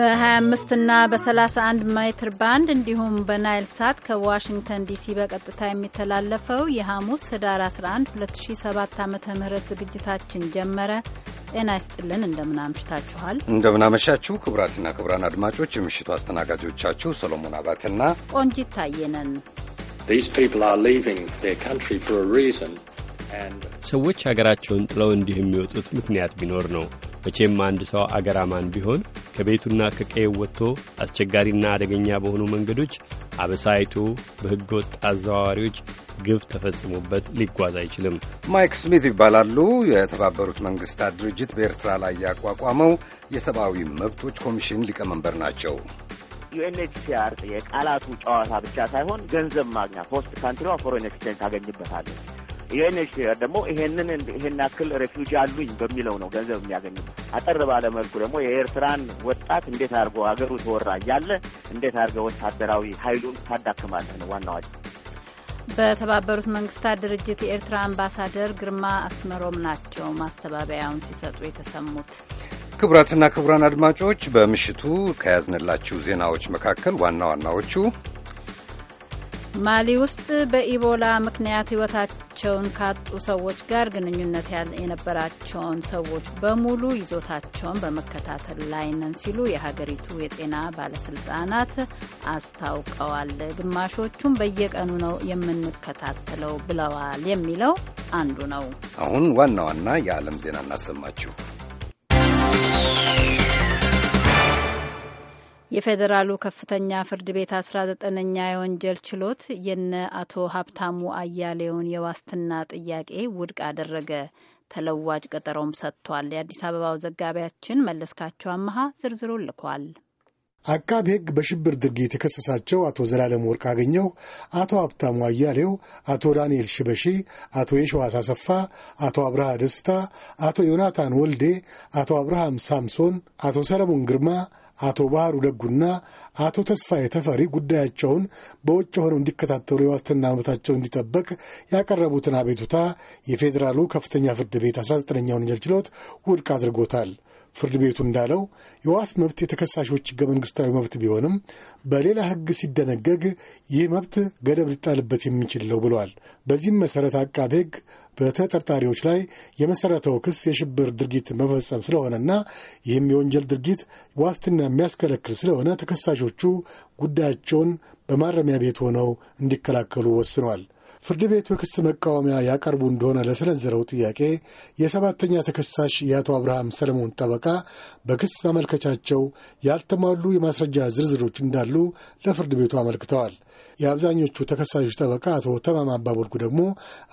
በ25 እና በ31 ሜትር ባንድ እንዲሁም በናይል ሳት ከዋሽንግተን ዲሲ በቀጥታ የሚተላለፈው የሐሙስ ህዳር 11 2007 ዓ ም ዝግጅታችን ጀመረ። ጤና ይስጥልን። እንደምናመሽታችኋል። እንደምናመሻችሁ ክቡራትና ክቡራን አድማጮች የምሽቱ አስተናጋጆቻችሁ ሰሎሞን አባትና ቆንጂት ታየነን። ሰዎች ሀገራቸውን ጥለው እንዲህ የሚወጡት ምክንያት ቢኖር ነው መቼም አንድ ሰው አገራማን ቢሆን ከቤቱና ከቀየው ወጥቶ አስቸጋሪና አደገኛ በሆኑ መንገዶች አበሳይቱ በሕገ ወጥ አዘዋዋሪዎች ግፍ ተፈጽሞበት ሊጓዝ አይችልም። ማይክ ስሚት ይባላሉ። የተባበሩት መንግሥታት ድርጅት በኤርትራ ላይ ያቋቋመው የሰብአዊ መብቶች ኮሚሽን ሊቀመንበር ናቸው። ዩኤንኤችሲአር የቃላቱ ጨዋታ ብቻ ሳይሆን ገንዘብ ማግኛ ሆስት ካንትሪዋ ፎሬን ኤክስቼንጅ ታገኝበታለች ይህን ደግሞ ይሄንን ይሄን ያክል ሬፊውጅ አሉኝ በሚለው ነው ገንዘብ የሚያገኙት። አጠር ባለ መልኩ ደግሞ የኤርትራን ወጣት እንዴት አድርገው ሀገሩ ተወራ እያለ እንዴት አድርገው ወታደራዊ ኃይሉን ታዳክማለህ ነው ዋናዋ። በተባበሩት መንግስታት ድርጅት የኤርትራ አምባሳደር ግርማ አስመሮም ናቸው ማስተባበያውን ሲሰጡ የተሰሙት። ክቡራትና ክቡራን አድማጮች በምሽቱ ከያዝንላችሁ ዜናዎች መካከል ዋና ዋናዎቹ ማሊ ውስጥ በኢቦላ ምክንያት ሕይወታቸውን ካጡ ሰዎች ጋር ግንኙነት የነበራቸውን ሰዎች በሙሉ ይዞታቸውን በመከታተል ላይ ነን ሲሉ የሀገሪቱ የጤና ባለስልጣናት አስታውቀዋል። ግማሾቹም በየቀኑ ነው የምንከታተለው ብለዋል። የሚለው አንዱ ነው። አሁን ዋና ዋና የዓለም ዜና እናሰማችሁ። የፌዴራሉ ከፍተኛ ፍርድ ቤት አስራ ዘጠነኛ የወንጀል ችሎት የነ አቶ ሀብታሙ አያሌውን የዋስትና ጥያቄ ውድቅ አደረገ። ተለዋጭ ቀጠሮም ሰጥቷል። የአዲስ አበባው ዘጋቢያችን መለስካቸው አመሀ ዝርዝሩ ልኳል። አቃቢ ሕግ በሽብር ድርጊት የከሰሳቸው አቶ ዘላለም ወርቅ አገኘው፣ አቶ ሀብታሙ አያሌው፣ አቶ ዳንኤል ሽበሺ፣ አቶ የሸዋስ አሰፋ፣ አቶ አብርሃ ደስታ፣ አቶ ዮናታን ወልዴ፣ አቶ አብርሃም ሳምሶን፣ አቶ ሰለሞን ግርማ አቶ ባህሩ ደጉና አቶ ተስፋዬ ተፈሪ ጉዳያቸውን በውጭ ሆነው እንዲከታተሉ የዋስትና መብታቸው እንዲጠበቅ ያቀረቡትን አቤቱታ የፌዴራሉ ከፍተኛ ፍርድ ቤት 19 ኛውን ወንጀል ችሎት ውድቅ አድርጎታል። ፍርድ ቤቱ እንዳለው የዋስ መብት የተከሳሾች ሕገ መንግሥታዊ መብት ቢሆንም በሌላ ሕግ ሲደነገግ ይህ መብት ገደብ ሊጣልበት የሚችል ነው ብሏል። በዚህም መሠረት አቃቤ ሕግ በተጠርጣሪዎች ላይ የመሠረተው ክስ የሽብር ድርጊት መፈጸም ስለሆነና ይህም የወንጀል ድርጊት ዋስትና የሚያስከለክል ስለሆነ ተከሳሾቹ ጉዳያቸውን በማረሚያ ቤት ሆነው እንዲከላከሉ ወስኗል። ፍርድ ቤቱ የክስ መቃወሚያ ያቀርቡ እንደሆነ ለሰነዘረው ጥያቄ የሰባተኛ ተከሳሽ የአቶ አብርሃም ሰለሞን ጠበቃ በክስ ማመልከቻቸው ያልተሟሉ የማስረጃ ዝርዝሮች እንዳሉ ለፍርድ ቤቱ አመልክተዋል። የአብዛኞቹ ተከሳሾች ጠበቃ አቶ ተማማ አባቡልኩ ደግሞ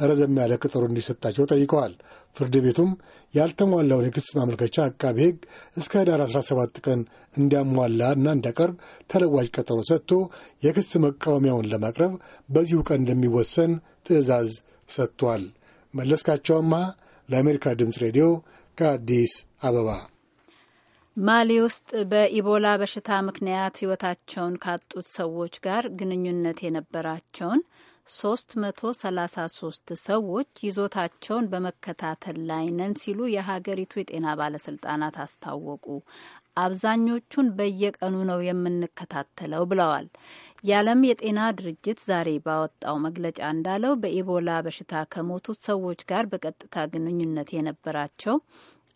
ረዘም ያለ ቅጠሩ እንዲሰጣቸው ጠይቀዋል። ፍርድ ቤቱም ያልተሟላውን የክስ ማመልከቻ አቃቤ ሕግ እስከ ኅዳር 17 ቀን እንዲያሟላ እና እንዲያቀርብ ተለዋጭ ቀጠሮ ሰጥቶ የክስ መቃወሚያውን ለማቅረብ በዚሁ ቀን እንደሚወሰን ትዕዛዝ ሰጥቷል። መለስካቸው ለአሜሪካ ድምፅ ሬዲዮ ከአዲስ አበባ ማሊ ውስጥ በኢቦላ በሽታ ምክንያት ህይወታቸውን ካጡት ሰዎች ጋር ግንኙነት የነበራቸውን 333 ሰዎች ይዞታቸውን በመከታተል ላይ ነን ሲሉ የሀገሪቱ የጤና ባለስልጣናት አስታወቁ። አብዛኞቹን በየቀኑ ነው የምንከታተለው ብለዋል። የዓለም የጤና ድርጅት ዛሬ ባወጣው መግለጫ እንዳለው በኢቦላ በሽታ ከሞቱት ሰዎች ጋር በቀጥታ ግንኙነት የነበራቸው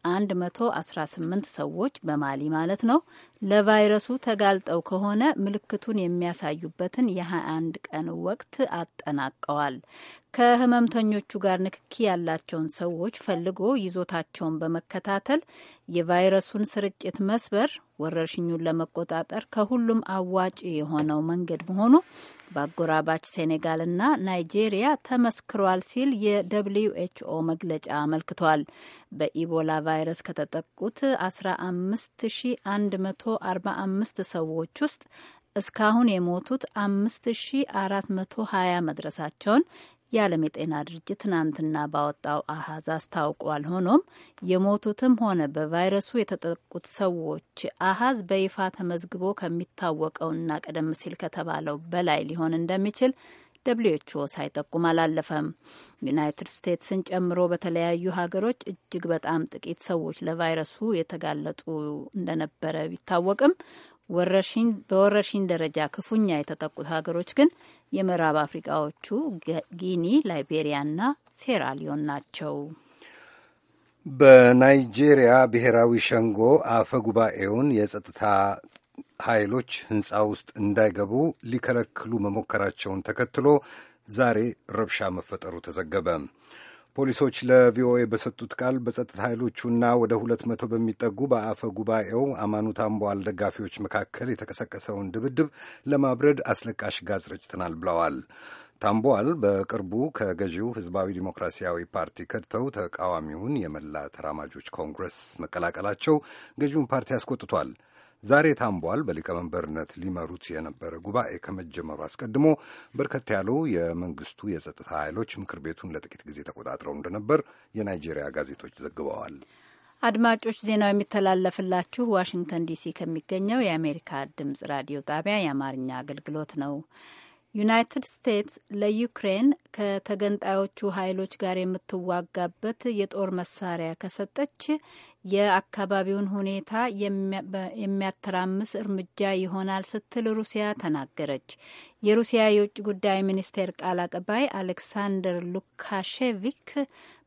118 ሰዎች በማሊ ማለት ነው ለቫይረሱ ተጋልጠው ከሆነ ምልክቱን የሚያሳዩበትን የ21 ቀን ወቅት አጠናቀዋል። ከህመምተኞቹ ጋር ንክኪ ያላቸውን ሰዎች ፈልጎ ይዞታቸውን በመከታተል የቫይረሱን ስርጭት መስበር ወረርሽኙን ለመቆጣጠር ከሁሉም አዋጪ የሆነው መንገድ መሆኑ በአጎራባች ሴኔጋልና ናይጄሪያ ተመስክሯል ሲል የደብልዩ ኤችኦ መግለጫ አመልክቷል። በኢቦላ ቫይረስ ከተጠቁት መቶ ከ ሰዎች ውስጥ እስካሁን የሞቱት 5420 መድረሳቸውን የዓለም የጤና ድርጅት ትናንትና ባወጣው አሀዝ አስታውቋል። ሆኖም የሞቱትም ሆነ በቫይረሱ የተጠቁት ሰዎች አሀዝ በይፋ ተመዝግቦ ከሚታወቀውና ቀደም ሲል ከተባለው በላይ ሊሆን እንደሚችል ደብልዩ ኤች ኦ ሳይጠቁም አላለፈም። ዩናይትድ ስቴትስን ጨምሮ በተለያዩ ሀገሮች እጅግ በጣም ጥቂት ሰዎች ለቫይረሱ የተጋለጡ እንደነበረ ቢታወቅም በወረርሽኝ ደረጃ ክፉኛ የተጠቁት ሀገሮች ግን የምዕራብ አፍሪቃዎቹ ጊኒ፣ ላይቤሪያና ሴራሊዮን ናቸው። በናይጄሪያ ብሔራዊ ሸንጎ አፈ ጉባኤውን የጸጥታ ኃይሎች ሕንፃ ውስጥ እንዳይገቡ ሊከለክሉ መሞከራቸውን ተከትሎ ዛሬ ረብሻ መፈጠሩ ተዘገበ። ፖሊሶች ለቪኦኤ በሰጡት ቃል በጸጥታ ኃይሎቹና ወደ ሁለት መቶ በሚጠጉ በአፈ ጉባኤው አማኑት አምቧል ደጋፊዎች መካከል የተቀሰቀሰውን ድብድብ ለማብረድ አስለቃሽ ጋዝ ረጭተናል ብለዋል። ታምቧል በቅርቡ ከገዢው ህዝባዊ ዲሞክራሲያዊ ፓርቲ ከድተው ተቃዋሚውን የመላ ተራማጆች ኮንግረስ መቀላቀላቸው ገዢውን ፓርቲ አስቆጥቷል። ዛሬ ታምቧል። በሊቀመንበርነት ሊመሩት የነበረ ጉባኤ ከመጀመሩ አስቀድሞ በርከት ያሉ የመንግስቱ የጸጥታ ኃይሎች ምክር ቤቱን ለጥቂት ጊዜ ተቆጣጥረው እንደነበር የናይጄሪያ ጋዜጦች ዘግበዋል። አድማጮች ዜናው የሚተላለፍላችሁ ዋሽንግተን ዲሲ ከሚገኘው የአሜሪካ ድምጽ ራዲዮ ጣቢያ የአማርኛ አገልግሎት ነው። ዩናይትድ ስቴትስ ለዩክሬን ከተገንጣዮቹ ኃይሎች ጋር የምትዋጋበት የጦር መሳሪያ ከሰጠች የአካባቢውን ሁኔታ የሚያተራምስ እርምጃ ይሆናል ስትል ሩሲያ ተናገረች። የሩሲያ የውጭ ጉዳይ ሚኒስቴር ቃል አቀባይ አሌክሳንደር ሉካሼቪክ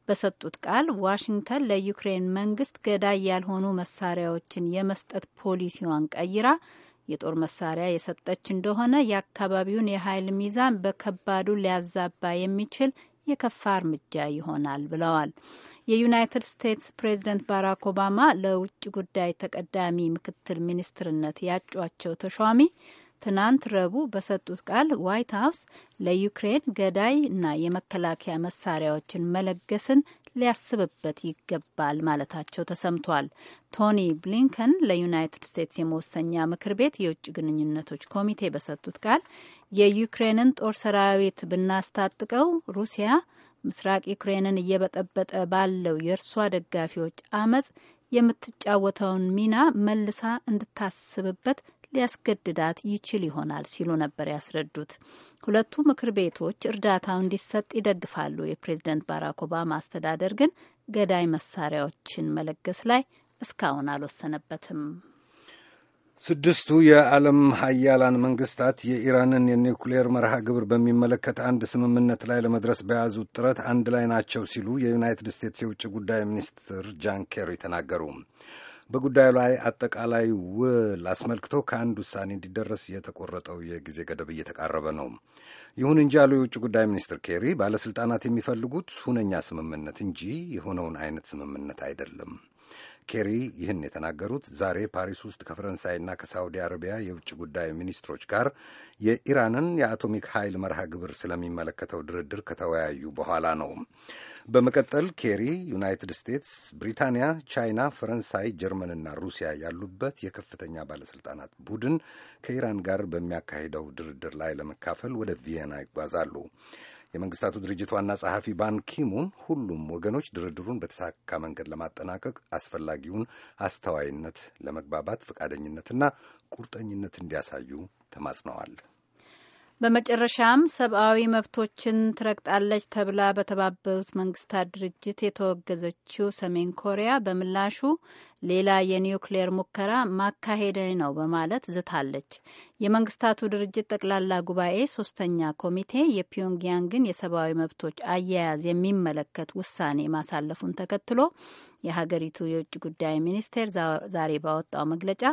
በሰጡት ቃል ዋሽንግተን ለዩክሬን መንግስት ገዳይ ያልሆኑ መሳሪያዎችን የመስጠት ፖሊሲዋን ቀይራ የጦር መሳሪያ የሰጠች እንደሆነ የአካባቢውን የኃይል ሚዛን በከባዱ ሊያዛባ የሚችል የከፋ እርምጃ ይሆናል ብለዋል። የዩናይትድ ስቴትስ ፕሬዝደንት ባራክ ኦባማ ለውጭ ጉዳይ ተቀዳሚ ምክትል ሚኒስትርነት ያጯቸው ተሿሚ ትናንት ረቡዕ በሰጡት ቃል ዋይት ሀውስ ለዩክሬን ገዳይ እና የመከላከያ መሳሪያዎችን መለገስን ሊያስብበት ይገባል ማለታቸው ተሰምቷል። ቶኒ ብሊንከን ለዩናይትድ ስቴትስ የመወሰኛ ምክር ቤት የውጭ ግንኙነቶች ኮሚቴ በሰጡት ቃል የዩክሬንን ጦር ሰራዊት ብናስታጥቀው ሩሲያ ምስራቅ ዩክሬንን እየበጠበጠ ባለው የእርሷ ደጋፊዎች አመፅ የምትጫወተውን ሚና መልሳ እንድታስብበት ሊያስገድዳት ይችል ይሆናል ሲሉ ነበር ያስረዱት። ሁለቱ ምክር ቤቶች እርዳታው እንዲሰጥ ይደግፋሉ። የፕሬዝደንት ባራክ ኦባማ አስተዳደር ግን ገዳይ መሳሪያዎችን መለገስ ላይ እስካሁን አልወሰነበትም። ስድስቱ የዓለም ሀያላን መንግስታት የኢራንን የኒውክሌር መርሃ ግብር በሚመለከት አንድ ስምምነት ላይ ለመድረስ በያዙት ጥረት አንድ ላይ ናቸው ሲሉ የዩናይትድ ስቴትስ የውጭ ጉዳይ ሚኒስትር ጃን ኬሪ ተናገሩ። በጉዳዩ ላይ አጠቃላይ ውል አስመልክቶ ከአንድ ውሳኔ እንዲደረስ የተቆረጠው የጊዜ ገደብ እየተቃረበ ነው። ይሁን እንጂ አሉ የውጭ ጉዳይ ሚኒስትር ኬሪ ባለስልጣናት የሚፈልጉት ሁነኛ ስምምነት እንጂ የሆነውን አይነት ስምምነት አይደለም። ኬሪ ይህን የተናገሩት ዛሬ ፓሪስ ውስጥ ከፈረንሳይና ከሳውዲ አረቢያ የውጭ ጉዳይ ሚኒስትሮች ጋር የኢራንን የአቶሚክ ኃይል መርሃ ግብር ስለሚመለከተው ድርድር ከተወያዩ በኋላ ነው። በመቀጠል ኬሪ ዩናይትድ ስቴትስ፣ ብሪታንያ፣ ቻይና፣ ፈረንሳይ፣ ጀርመንና ሩሲያ ያሉበት የከፍተኛ ባለስልጣናት ቡድን ከኢራን ጋር በሚያካሂደው ድርድር ላይ ለመካፈል ወደ ቪየና ይጓዛሉ። የመንግስታቱ ድርጅት ዋና ጸሐፊ ባንኪሙን ሁሉም ወገኖች ድርድሩን በተሳካ መንገድ ለማጠናቀቅ አስፈላጊውን አስተዋይነት፣ ለመግባባት ፈቃደኝነትና ቁርጠኝነት እንዲያሳዩ ተማጽነዋል። በመጨረሻም ሰብአዊ መብቶችን ትረግጣለች ተብላ በተባበሩት መንግስታት ድርጅት የተወገዘችው ሰሜን ኮሪያ በምላሹ ሌላ የኒውክሌር ሙከራ ማካሄደ ነው በማለት ዝታለች። የመንግስታቱ ድርጅት ጠቅላላ ጉባኤ ሶስተኛ ኮሚቴ የፒዮንግያንግን የሰብአዊ መብቶች አያያዝ የሚመለከት ውሳኔ ማሳለፉን ተከትሎ የሀገሪቱ የውጭ ጉዳይ ሚኒስቴር ዛሬ ባወጣው መግለጫ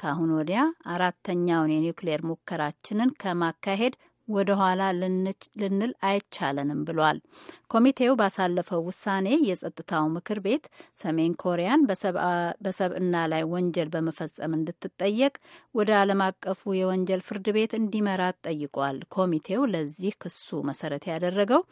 ከአሁን ወዲያ አራተኛውን የኒውክሌር ሙከራችንን ከማካሄድ ወደ ኋላ ልንል አይቻለንም ብሏል። ኮሚቴው ባሳለፈው ውሳኔ የጸጥታው ምክር ቤት ሰሜን ኮሪያን በሰብዕና ላይ ወንጀል በመፈጸም እንድትጠየቅ ወደ ዓለም አቀፉ የወንጀል ፍርድ ቤት እንዲመራት ጠይቋል። ኮሚቴው ለዚህ ክሱ መሰረት ያደረገው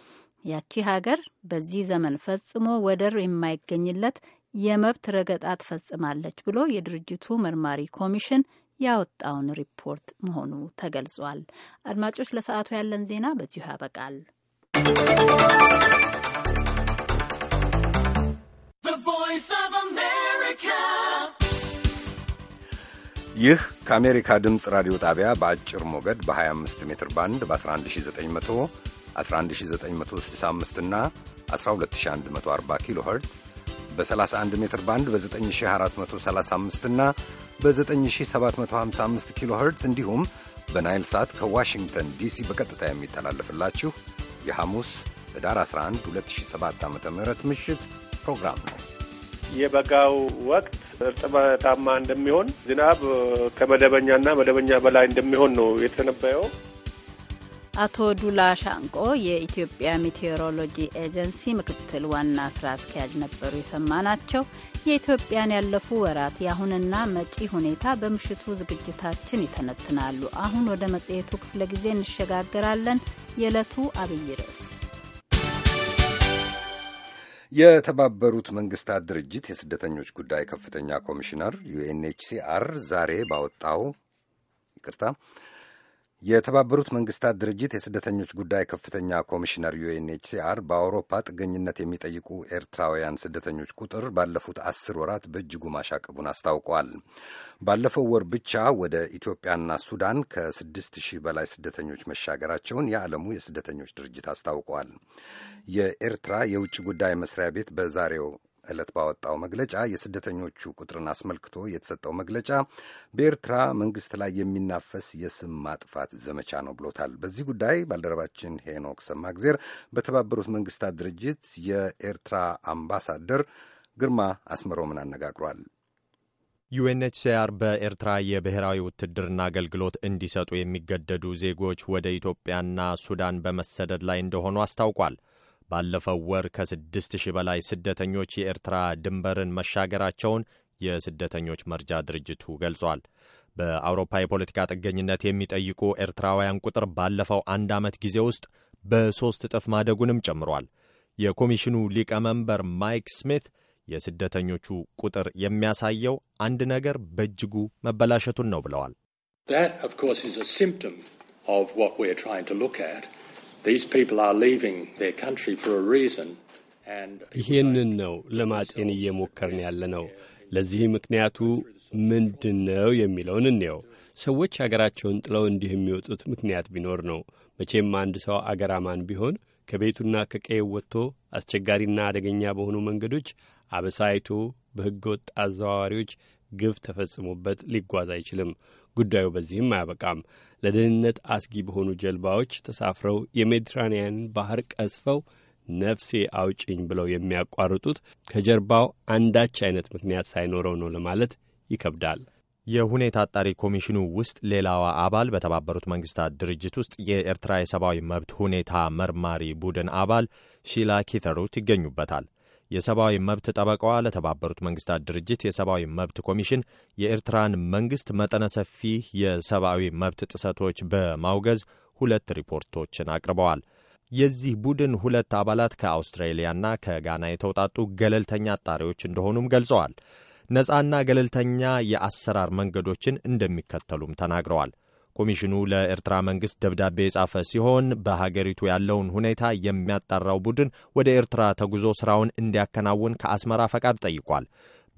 ያቺ ሀገር በዚህ ዘመን ፈጽሞ ወደር የማይገኝለት የመብት ረገጣ ትፈጽማለች ብሎ የድርጅቱ መርማሪ ኮሚሽን ያወጣውን ሪፖርት መሆኑ ተገልጿል። አድማጮች፣ ለሰዓቱ ያለን ዜና በዚሁ ያበቃል። ይህ ከአሜሪካ ድምፅ ራዲዮ ጣቢያ በአጭር ሞገድ በ25 ሜትር ባንድ በ11900 11965 እና 12140 ኪሎ ኸርትዝ በ31 ሜትር ባንድ በ9435 እና በ9755 ኪሎ ኸርትዝ እንዲሁም በናይል ሳት ከዋሽንግተን ዲሲ በቀጥታ የሚተላለፍላችሁ የሐሙስ ኅዳር 11 2007 ዓ ም ምሽት ፕሮግራም ነው። የበጋው ወቅት እርጥበታማ እንደሚሆን፣ ዝናብ ከመደበኛና መደበኛ በላይ እንደሚሆን ነው የተነበየው። አቶ ዱላ ሻንቆ የኢትዮጵያ ሜቴዎሮሎጂ ኤጀንሲ ምክትል ዋና ስራ አስኪያጅ ነበሩ የሰማናቸው። የኢትዮጵያን ያለፉ ወራት የአሁንና መጪ ሁኔታ በምሽቱ ዝግጅታችን ይተነትናሉ። አሁን ወደ መጽሔቱ ክፍለ ጊዜ እንሸጋግራለን። የዕለቱ አብይ ርዕስ የተባበሩት መንግስታት ድርጅት የስደተኞች ጉዳይ ከፍተኛ ኮሚሽነር ዩኤንኤችሲአር ዛሬ ባወጣው ይቅርታ የተባበሩት መንግስታት ድርጅት የስደተኞች ጉዳይ ከፍተኛ ኮሚሽነር ዩኤንኤችሲአር በአውሮፓ ጥገኝነት የሚጠይቁ ኤርትራውያን ስደተኞች ቁጥር ባለፉት አስር ወራት በእጅጉ ማሻቀቡን አስታውቋል። ባለፈው ወር ብቻ ወደ ኢትዮጵያና ሱዳን ከስድስት ሺህ በላይ ስደተኞች መሻገራቸውን የዓለሙ የስደተኞች ድርጅት አስታውቋል። የኤርትራ የውጭ ጉዳይ መስሪያ ቤት በዛሬው ዕለት ባወጣው መግለጫ የስደተኞቹ ቁጥርን አስመልክቶ የተሰጠው መግለጫ በኤርትራ መንግስት ላይ የሚናፈስ የስም ማጥፋት ዘመቻ ነው ብሎታል። በዚህ ጉዳይ ባልደረባችን ሄኖክ ሰማግዜር በተባበሩት መንግስታት ድርጅት የኤርትራ አምባሳደር ግርማ አስመሮምን አነጋግሯል። ዩኤንኤችሲአር በኤርትራ የብሔራዊ ውትድርና አገልግሎት እንዲሰጡ የሚገደዱ ዜጎች ወደ ኢትዮጵያና ሱዳን በመሰደድ ላይ እንደሆኑ አስታውቋል። ባለፈው ወር ከስድስት ሺህ በላይ ስደተኞች የኤርትራ ድንበርን መሻገራቸውን የስደተኞች መርጃ ድርጅቱ ገልጿል። በአውሮፓ የፖለቲካ ጥገኝነት የሚጠይቁ ኤርትራውያን ቁጥር ባለፈው አንድ ዓመት ጊዜ ውስጥ በሦስት እጥፍ ማደጉንም ጨምሯል። የኮሚሽኑ ሊቀመንበር ማይክ ስሚት የስደተኞቹ ቁጥር የሚያሳየው አንድ ነገር በእጅጉ መበላሸቱን ነው ብለዋል። ይህንን ነው ለማጤን እየሞከርን ያለ ነው። ለዚህ ምክንያቱ ምንድን ነው የሚለውን እንየው። ሰዎች አገራቸውን ጥለው እንዲህ የሚወጡት ምክንያት ቢኖር ነው። መቼም አንድ ሰው አገራማን ቢሆን ከቤቱና ከቀየው ወጥቶ አስቸጋሪና አደገኛ በሆኑ መንገዶች አበሳይቶ አይቶ በሕገ ወጥ አዘዋዋሪዎች ግፍ ተፈጽሞበት ሊጓዝ አይችልም። ጉዳዩ በዚህም አያበቃም። ለደህንነት አስጊ በሆኑ ጀልባዎች ተሳፍረው የሜዲትራንያንን ባህር ቀዝፈው ነፍሴ አውጭኝ ብለው የሚያቋርጡት ከጀርባው አንዳች አይነት ምክንያት ሳይኖረው ነው ለማለት ይከብዳል። የሁኔታ አጣሪ ኮሚሽኑ ውስጥ ሌላዋ አባል በተባበሩት መንግስታት ድርጅት ውስጥ የኤርትራ የሰብአዊ መብት ሁኔታ መርማሪ ቡድን አባል ሺላ ኪተሩት ይገኙበታል። የሰብአዊ መብት ጠበቃዋ ለተባበሩት መንግስታት ድርጅት የሰብአዊ መብት ኮሚሽን የኤርትራን መንግስት መጠነ ሰፊ የሰብአዊ መብት ጥሰቶች በማውገዝ ሁለት ሪፖርቶችን አቅርበዋል። የዚህ ቡድን ሁለት አባላት ከአውስትራሊያና ከጋና የተውጣጡ ገለልተኛ አጣሪዎች እንደሆኑም ገልጸዋል። ነፃና ገለልተኛ የአሰራር መንገዶችን እንደሚከተሉም ተናግረዋል። ኮሚሽኑ ለኤርትራ መንግስት ደብዳቤ የጻፈ ሲሆን በሀገሪቱ ያለውን ሁኔታ የሚያጣራው ቡድን ወደ ኤርትራ ተጉዞ ስራውን እንዲያከናውን ከአስመራ ፈቃድ ጠይቋል።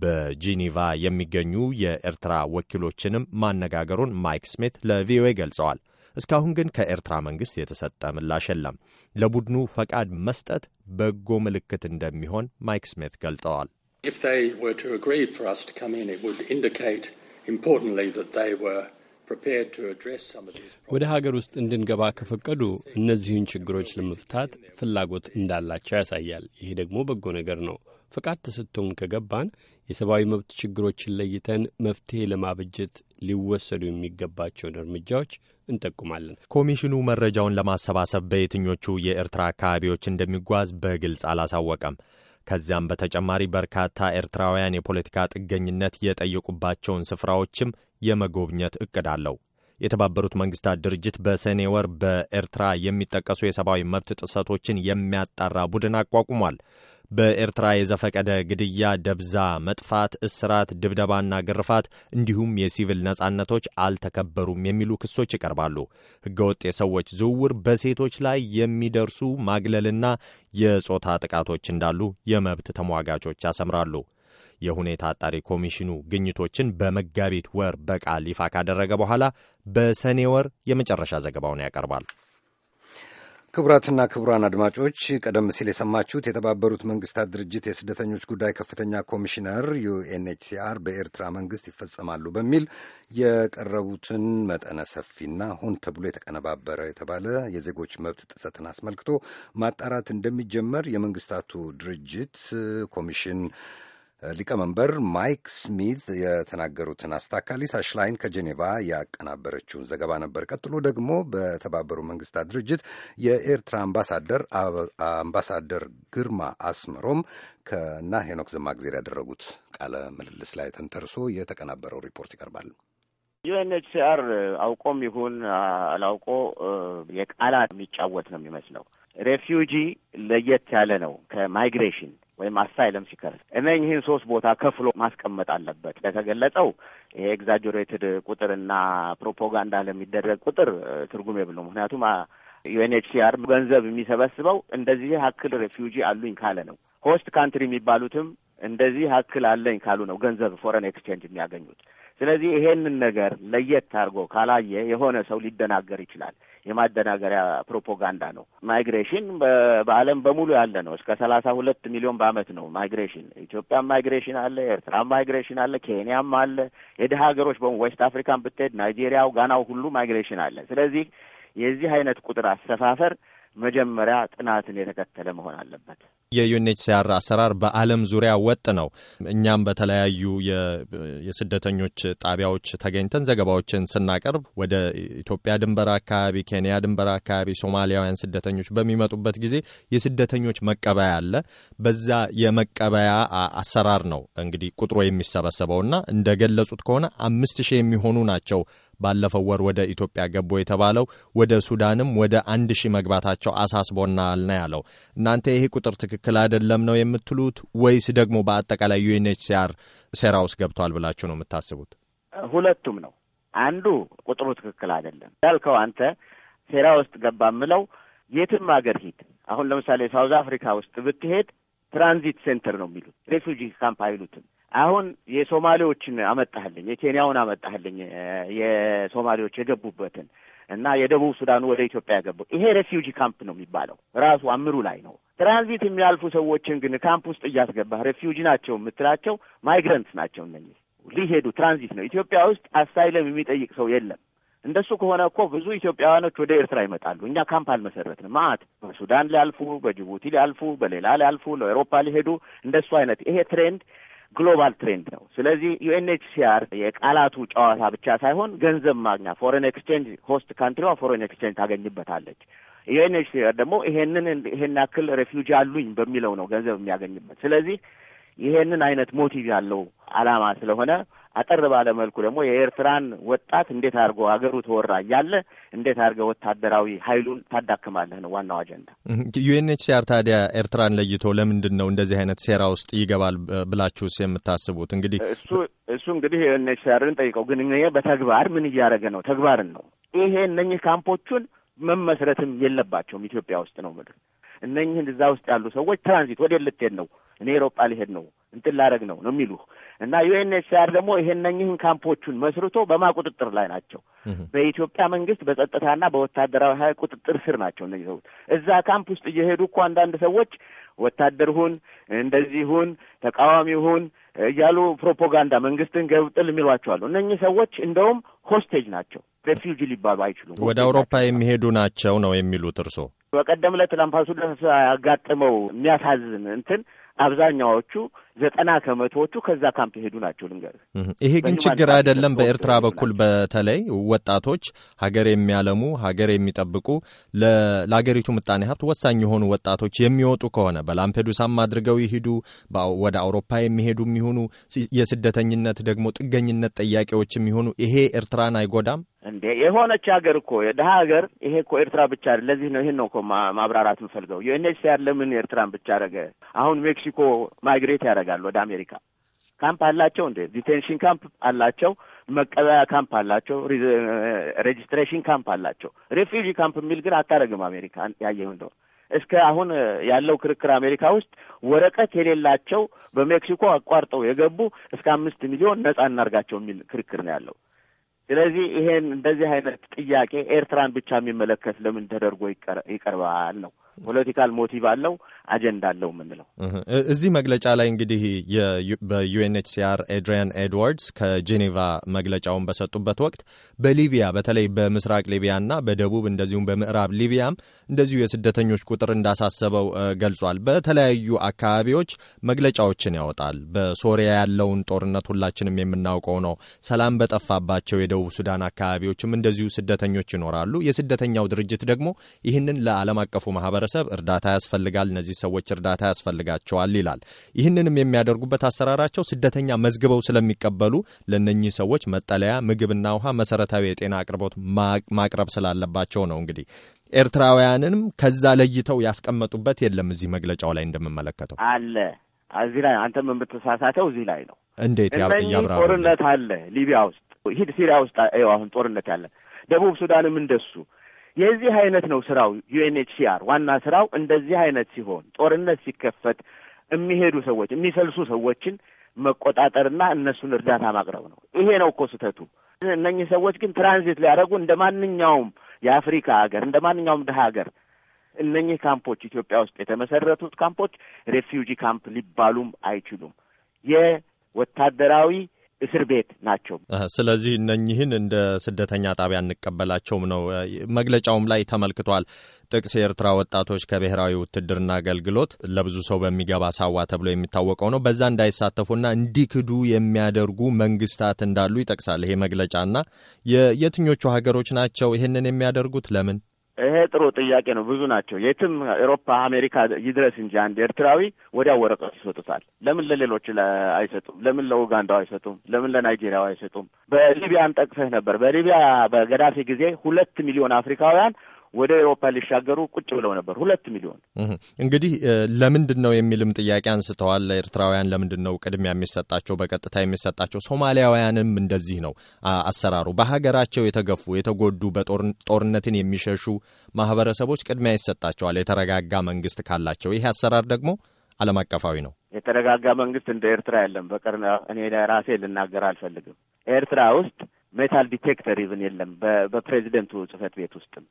በጂኒቫ የሚገኙ የኤርትራ ወኪሎችንም ማነጋገሩን ማይክ ስሜት ለቪኦኤ ገልጸዋል። እስካሁን ግን ከኤርትራ መንግስት የተሰጠ ምላሽ የለም። ለቡድኑ ፈቃድ መስጠት በጎ ምልክት እንደሚሆን ማይክ ስሜት ገልጠዋል። ኢፍ ዜይ ወር ቱ ኢንዲኬት ኢምፖርታንትሊ ዛት ወደ ሀገር ውስጥ እንድንገባ ከፈቀዱ እነዚህን ችግሮች ለመፍታት ፍላጎት እንዳላቸው ያሳያል። ይሄ ደግሞ በጎ ነገር ነው። ፈቃድ ተሰጥቶን ከገባን የሰብአዊ መብት ችግሮችን ለይተን መፍትሄ ለማበጀት ሊወሰዱ የሚገባቸውን እርምጃዎች እንጠቁማለን። ኮሚሽኑ መረጃውን ለማሰባሰብ በየትኞቹ የኤርትራ አካባቢዎች እንደሚጓዝ በግልጽ አላሳወቀም። ከዚያም በተጨማሪ በርካታ ኤርትራውያን የፖለቲካ ጥገኝነት የጠየቁባቸውን ስፍራዎችም የመጎብኘት እቅድ አለው። የተባበሩት መንግስታት ድርጅት በሰኔ ወር በኤርትራ የሚጠቀሱ የሰብአዊ መብት ጥሰቶችን የሚያጣራ ቡድን አቋቁሟል። በኤርትራ የዘፈቀደ ግድያ፣ ደብዛ መጥፋት፣ እስራት፣ ድብደባና ግርፋት እንዲሁም የሲቪል ነጻነቶች አልተከበሩም የሚሉ ክሶች ይቀርባሉ። ህገወጥ የሰዎች ዝውውር፣ በሴቶች ላይ የሚደርሱ ማግለልና የጾታ ጥቃቶች እንዳሉ የመብት ተሟጋቾች ያሰምራሉ። የሁኔታ አጣሪ ኮሚሽኑ ግኝቶችን በመጋቢት ወር በቃል ይፋ ካደረገ በኋላ በሰኔ ወር የመጨረሻ ዘገባውን ያቀርባል። ክቡራትና ክቡራን አድማጮች ቀደም ሲል የሰማችሁት የተባበሩት መንግስታት ድርጅት የስደተኞች ጉዳይ ከፍተኛ ኮሚሽነር ዩኤንኤችሲአር በኤርትራ መንግስት ይፈጸማሉ በሚል የቀረቡትን መጠነ ሰፊና ሆን ተብሎ የተቀነባበረ የተባለ የዜጎች መብት ጥሰትን አስመልክቶ ማጣራት እንደሚጀመር የመንግስታቱ ድርጅት ኮሚሽን ሊቀመንበር ማይክ ስሚት የተናገሩትን አስታካ ሊሳ ሽላይን ከጄኔቫ ያቀናበረችውን ዘገባ ነበር። ቀጥሎ ደግሞ በተባበሩ መንግስታት ድርጅት የኤርትራ አምባሳደር አምባሳደር ግርማ አስመሮም ከና ሄኖክ ዘማግዜር ያደረጉት ቃለ ምልልስ ላይ ተንተርሶ የተቀናበረው ሪፖርት ይቀርባል። ዩኤንኤችሲአር አውቆም ይሁን አላውቆ የቃላት የሚጫወት ነው የሚመስለው። ሬፊውጂ ለየት ያለ ነው ከማይግሬሽን ወይም አሳይለም ሲከርስ እነኝህን ሶስት ቦታ ከፍሎ ማስቀመጥ አለበት። ለተገለጸው ይሄ ኤግዛጀሬትድ ቁጥርና ፕሮፓጋንዳ ለሚደረግ ቁጥር ትርጉም የብለው ምክንያቱም ዩኤንኤችሲአር ገንዘብ የሚሰበስበው እንደዚህ ያክል ሬፊውጂ አሉኝ ካለ ነው። ሆስት ካንትሪ የሚባሉትም እንደዚህ ያክል አለኝ ካሉ ነው ገንዘብ ፎረን ኤክስቼንጅ የሚያገኙት። ስለዚህ ይሄንን ነገር ለየት አድርጎ ካላየ የሆነ ሰው ሊደናገር ይችላል። የማደናገሪያ ፕሮፓጋንዳ ነው። ማይግሬሽን በዓለም በሙሉ ያለ ነው። እስከ ሰላሳ ሁለት ሚሊዮን በዓመት ነው ማይግሬሽን። ኢትዮጵያ ማይግሬሽን አለ፣ ኤርትራ ማይግሬሽን አለ፣ ኬንያም አለ። የድሀ ሀገሮች በሙ ዌስት አፍሪካን ብትሄድ ናይጄሪያው፣ ጋናው ሁሉ ማይግሬሽን አለ። ስለዚህ የዚህ አይነት ቁጥር አሰፋፈር መጀመሪያ ጥናትን የተከተለ መሆን አለበት። የዩኤንኤችሲአር አሰራር በዓለም ዙሪያ ወጥ ነው። እኛም በተለያዩ የስደተኞች ጣቢያዎች ተገኝተን ዘገባዎችን ስናቀርብ ወደ ኢትዮጵያ ድንበር አካባቢ፣ ኬንያ ድንበር አካባቢ ሶማሊያውያን ስደተኞች በሚመጡበት ጊዜ የስደተኞች መቀበያ አለ። በዛ የመቀበያ አሰራር ነው እንግዲህ ቁጥሩ የሚሰበሰበውና እንደገለጹት ከሆነ አምስት ሺህ የሚሆኑ ናቸው ባለፈው ወር ወደ ኢትዮጵያ ገቡ የተባለው ወደ ሱዳንም ወደ አንድ ሺህ መግባታቸው አሳስቦናል ነው ያለው። እናንተ ይሄ ቁጥር ትክክል አይደለም ነው የምትሉት ወይስ ደግሞ በአጠቃላይ ዩኤንኤችሲአር ሴራ ውስጥ ገብቷል ብላችሁ ነው የምታስቡት? ሁለቱም ነው። አንዱ ቁጥሩ ትክክል አይደለም ያልከው አንተ ሴራ ውስጥ ገባ ምለው የትም አገር ሂድ፣ አሁን ለምሳሌ ሳውዝ አፍሪካ ውስጥ ብትሄድ ትራንዚት ሴንተር ነው የሚሉት ሬፉጂ ካምፕ አይሉትም። አሁን የሶማሌዎችን አመጣህልኝ፣ የኬንያውን አመጣህልኝ፣ የሶማሌዎች የገቡበትን እና የደቡብ ሱዳኑ ወደ ኢትዮጵያ ገቡ ይሄ ሬፊውጂ ካምፕ ነው የሚባለው። ራሱ አምሩ ላይ ነው። ትራንዚት የሚያልፉ ሰዎችን ግን ካምፕ ውስጥ እያስገባህ ሬፊውጂ ናቸው የምትላቸው ማይግረንት ናቸው። እነኚህ ሊሄዱ ትራንዚት ነው። ኢትዮጵያ ውስጥ አሳይለም የሚጠይቅ ሰው የለም። እንደሱ ከሆነ እኮ ብዙ ኢትዮጵያውያኖች ወደ ኤርትራ ይመጣሉ። እኛ ካምፕ አልመሰረትንም። ማአት በሱዳን ሊያልፉ፣ በጅቡቲ ሊያልፉ፣ በሌላ ሊያልፉ፣ ለአውሮፓ ሊሄዱ እንደሱ አይነት ይሄ ትሬንድ ግሎባል ትሬንድ ነው። ስለዚህ ዩኤንኤችሲአር የቃላቱ ጨዋታ ብቻ ሳይሆን ገንዘብ ማግኛ ፎሬን ኤክስቼንጅ ሆስት ካንትሪዋ ፎሬን ኤክስቼንጅ ታገኝበታለች። ዩኤንኤችሲአር ደግሞ ይሄንን ይሄን ያክል ሬፊውጂ አሉኝ በሚለው ነው ገንዘብ የሚያገኝበት። ስለዚህ ይሄንን አይነት ሞቲቭ ያለው አላማ ስለሆነ አጠር ባለ መልኩ ደግሞ የኤርትራን ወጣት እንዴት አድርጎ ሀገሩ ተወራ እያለ እንዴት አድርገ ወታደራዊ ኃይሉን ታዳክማለህ ነው ዋናው አጀንዳ። ዩኤንኤችሲአር ታዲያ ኤርትራን ለይቶ ለምንድን ነው እንደዚህ አይነት ሴራ ውስጥ ይገባል ብላችሁስ የምታስቡት? እንግዲህ እሱ እሱ እንግዲህ ዩኤንኤችሲአርን ጠይቀው፣ ግን በተግባር ምን እያደረገ ነው? ተግባርን ነው ይሄ። እነኚህ ካምፖቹን መመስረትም የለባቸውም ኢትዮጵያ ውስጥ ነው ምድር እነኚህን እዛ ውስጥ ያሉ ሰዎች ትራንዚት ወደ ልትሄድ ነው እኔ ኤሮጳ ሊሄድ ነው እንትን ላደረግ ነው ነው የሚሉህ እና ዩኤንኤችሲአር ደግሞ ይሄነኝህን ካምፖቹን መስርቶ በማቁጥጥር ላይ ናቸው። በኢትዮጵያ መንግስት በጸጥታና በወታደራዊ ኃይል ቁጥጥር ስር ናቸው እነዚህ ሰዎች። እዛ ካምፕ ውስጥ እየሄዱ እኮ አንዳንድ ሰዎች ወታደር ሁን እንደዚህ ሁን ተቃዋሚ ሁን እያሉ ፕሮፓጋንዳ መንግስትን ገብጥል የሚሏቸዋሉ። እነኚህ ሰዎች እንደውም ሆስቴጅ ናቸው። ሬፊውጂ ሊባሉ አይችሉም። ወደ አውሮፓ የሚሄዱ ናቸው ነው የሚሉት እርሶ። በቀደም ዕለት ላምፓዱሳ ያጋጠመው የሚያሳዝን እንትን አብዛኛዎቹ ዘጠና ከመቶዎቹ ከዛ ካምፕ የሄዱ ናቸው። ልንገር፣ ይሄ ግን ችግር አይደለም። በኤርትራ በኩል በተለይ ወጣቶች ሀገር የሚያለሙ ሀገር የሚጠብቁ ለሀገሪቱ ምጣኔ ሀብት ወሳኝ የሆኑ ወጣቶች የሚወጡ ከሆነ በላምፔዱሳም አድርገው ይሂዱ ወደ አውሮፓ የሚሄዱ የሚሆኑ የስደተኝነት ደግሞ ጥገኝነት ጠያቂዎች የሚሆኑ ይሄ ኤርትራን አይጎዳም እንዴ? የሆነች ሀገር እኮ ድሀ ሀገር ይሄ እኮ ኤርትራ ብቻ ለዚህ ነው ይህን ነው እኮ ማብራራት የምፈልገው። ዩኤንኤችሲአር ለምን ኤርትራን ብቻ አደረገ? አሁን ሜክሲኮ ማይግሬት ያደረገ ይፈልጋሉ ወደ አሜሪካ። ካምፕ አላቸው እንዴ? ዲቴንሽን ካምፕ አላቸው፣ መቀበያ ካምፕ አላቸው፣ ሬጂስትሬሽን ካምፕ አላቸው። ሬፊውጂ ካምፕ የሚል ግን አታደርግም አሜሪካ። ያየሁ እንደው እስከ አሁን ያለው ክርክር አሜሪካ ውስጥ ወረቀት የሌላቸው በሜክሲኮ አቋርጠው የገቡ እስከ አምስት ሚሊዮን ነጻ እናርጋቸው የሚል ክርክር ነው ያለው። ስለዚህ ይሄን እንደዚህ አይነት ጥያቄ ኤርትራን ብቻ የሚመለከት ለምን ተደርጎ ይቀርባል ነው። ፖለቲካል ሞቲቭ አለው። አጀንዳ አለው የምንለው እዚህ መግለጫ ላይ እንግዲህ በዩኤንኤችሲአር ኤድሪያን ኤድዋርድስ ከጄኔቫ መግለጫውን በሰጡበት ወቅት በሊቢያ በተለይ በምስራቅ ሊቢያና በደቡብ እንደዚሁም በምዕራብ ሊቢያም እንደዚሁ የስደተኞች ቁጥር እንዳሳሰበው ገልጿል። በተለያዩ አካባቢዎች መግለጫዎችን ያወጣል። በሶሪያ ያለውን ጦርነት ሁላችንም የምናውቀው ነው። ሰላም በጠፋባቸው የደቡብ ሱዳን አካባቢዎችም እንደዚሁ ስደተኞች ይኖራሉ። የስደተኛው ድርጅት ደግሞ ይህንን ለዓለም አቀፉ ማህበረሰብ እርዳታ ያስፈልጋል እነዚህ እነዚህ ሰዎች እርዳታ ያስፈልጋቸዋል ይላል። ይህንንም የሚያደርጉበት አሰራራቸው ስደተኛ መዝግበው ስለሚቀበሉ ለነኚህ ሰዎች መጠለያ፣ ምግብና ውሃ፣ መሰረታዊ የጤና አቅርቦት ማቅረብ ስላለባቸው ነው። እንግዲህ ኤርትራውያንንም ከዛ ለይተው ያስቀመጡበት የለም። እዚህ መግለጫው ላይ እንደምመለከተው አለ። እዚህ ላይ አንተም የምትሳሳተው እዚህ ላይ ነው። እንዴት ያብራ ጦርነት አለ ሊቢያ ውስጥ ሂድ፣ ሲሪያ ውስጥ አሁን ጦርነት ያለ ደቡብ ሱዳንም እንደሱ የዚህ አይነት ነው ስራው። ዩኤንኤችሲአር ዋና ስራው እንደዚህ አይነት ሲሆን ጦርነት ሲከፈት የሚሄዱ ሰዎች የሚፈልሱ ሰዎችን መቆጣጠርና እነሱን እርዳታ ማቅረብ ነው። ይሄ ነው እኮ ስህተቱ። እነኚህ ሰዎች ግን ትራንዚት ሊያደርጉ እንደ ማንኛውም የአፍሪካ ሀገር እንደ ማንኛውም ድሀ ሀገር እነኚህ ካምፖች ኢትዮጵያ ውስጥ የተመሰረቱት ካምፖች ሬፊውጂ ካምፕ ሊባሉም አይችሉም። የወታደራዊ እስር ቤት ናቸው። ስለዚህ እነኝህን እንደ ስደተኛ ጣቢያ እንቀበላቸውም ነው። መግለጫውም ላይ ተመልክቷል። ጥቅስ የኤርትራ ወጣቶች ከብሔራዊ ውትድርና አገልግሎት ለብዙ ሰው በሚገባ ሳዋ ተብሎ የሚታወቀው ነው። በዛ እንዳይሳተፉና እንዲክዱ የሚያደርጉ መንግስታት እንዳሉ ይጠቅሳል ይሄ መግለጫና የትኞቹ ሀገሮች ናቸው ይህንን የሚያደርጉት? ለምን ይሄ ጥሩ ጥያቄ ነው። ብዙ ናቸው። የትም ኤሮፓ፣ አሜሪካ ይድረስ እንጂ አንድ ኤርትራዊ ወዲያው ወረቀት ይሰጡታል። ለምን ለሌሎች አይሰጡም? ለምን ለኡጋንዳው አይሰጡም? ለምን ለናይጄሪያው አይሰጡም? በሊቢያም ጠቅሰህ ነበር። በሊቢያ በገዳፊ ጊዜ ሁለት ሚሊዮን አፍሪካውያን ወደ ኤሮፓ ሊሻገሩ ቁጭ ብለው ነበር። ሁለት ሚሊዮን እንግዲህ ለምንድን ነው የሚልም ጥያቄ አንስተዋል። ኤርትራውያን ለምንድን ነው ቅድሚያ የሚሰጣቸው በቀጥታ የሚሰጣቸው? ሶማሊያውያንም እንደዚህ ነው አሰራሩ። በሀገራቸው የተገፉ የተጎዱ፣ በጦርነትን የሚሸሹ ማህበረሰቦች ቅድሚያ ይሰጣቸዋል የተረጋጋ መንግስት ካላቸው። ይሄ አሰራር ደግሞ ዓለም አቀፋዊ ነው። የተረጋጋ መንግስት እንደ ኤርትራ የለም። በቀር እኔ ራሴ ልናገር አልፈልግም። ኤርትራ ውስጥ ሜታል ዲቴክተር ይብን የለም። በፕሬዚደንቱ ጽህፈት ቤት ውስጥም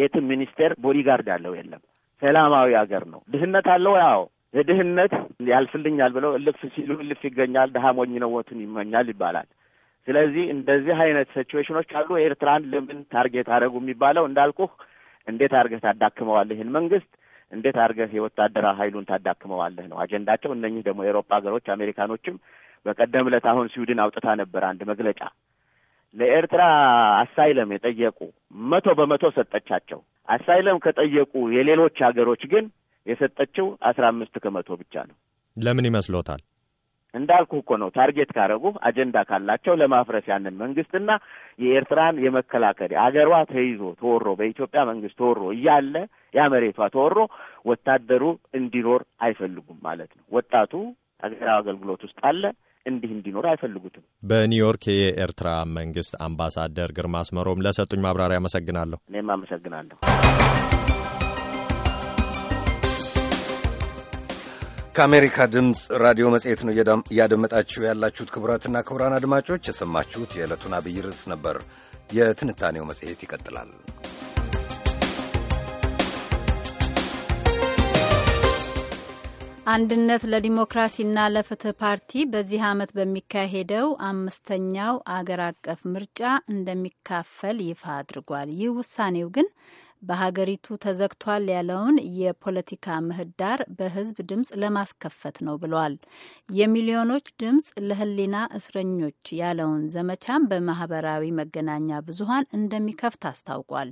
የትም ሚኒስቴር ቦዲጋርድ ያለው የለም። ሰላማዊ ሀገር ነው። ድህነት አለው። ያው የድህነት ያልፍልኛል ብለው እልፍ ሲሉ እልፍ ይገኛል። ድሀ ሞኝ ነው ሞትን ይመኛል ይባላል። ስለዚህ እንደዚህ አይነት ሲቹዌሽኖች አሉ። ኤርትራን ለምን ታርጌት አደረጉ የሚባለው እንዳልኩህ፣ እንዴት አድርገህ ታዳክመዋለህ ይህን መንግስት እንዴት አድርገህ የወታደራ ሀይሉን ታዳክመዋለህ ነው አጀንዳቸው። እነኚህ ደግሞ የአውሮፓ ሀገሮች አሜሪካኖችም በቀደም ዕለት አሁን ስዊድን አውጥታ ነበር አንድ መግለጫ ለኤርትራ አሳይለም የጠየቁ መቶ በመቶ ሰጠቻቸው። አሳይለም ከጠየቁ የሌሎች ሀገሮች ግን የሰጠችው አስራ አምስት ከመቶ ብቻ ነው። ለምን ይመስሎታል? እንዳልኩ እኮ ነው። ታርጌት ካረጉ አጀንዳ ካላቸው ለማፍረስ ያንን መንግስትና የኤርትራን የመከላከል አገሯ ተይዞ ተወሮ በኢትዮጵያ መንግስት ተወሮ እያለ ያ መሬቷ ተወሮ ወታደሩ እንዲኖር አይፈልጉም ማለት ነው። ወጣቱ አገራዊ አገልግሎት ውስጥ አለ። እንዲህ እንዲኖር አይፈልጉትም። በኒውዮርክ የኤርትራ መንግስት አምባሳደር ግርማ አስመሮም ለሰጡኝ ማብራሪያ አመሰግናለሁ። እኔም አመሰግናለሁ። ከአሜሪካ ድምፅ ራዲዮ መጽሔት ነው እያደመጣችሁ ያላችሁት። ክቡራትና ክቡራን አድማጮች የሰማችሁት የዕለቱን አብይ ርዕስ ነበር። የትንታኔው መጽሔት ይቀጥላል። አንድነት ለዲሞክራሲና ለፍትህ ፓርቲ በዚህ ዓመት በሚካሄደው አምስተኛው አገር አቀፍ ምርጫ እንደሚካፈል ይፋ አድርጓል። ይህ ውሳኔው ግን በሀገሪቱ ተዘግቷል ያለውን የፖለቲካ ምህዳር በህዝብ ድምፅ ለማስከፈት ነው ብሏል። የሚሊዮኖች ድምፅ ለህሊና እስረኞች ያለውን ዘመቻም በማህበራዊ መገናኛ ብዙሀን እንደሚከፍት አስታውቋል።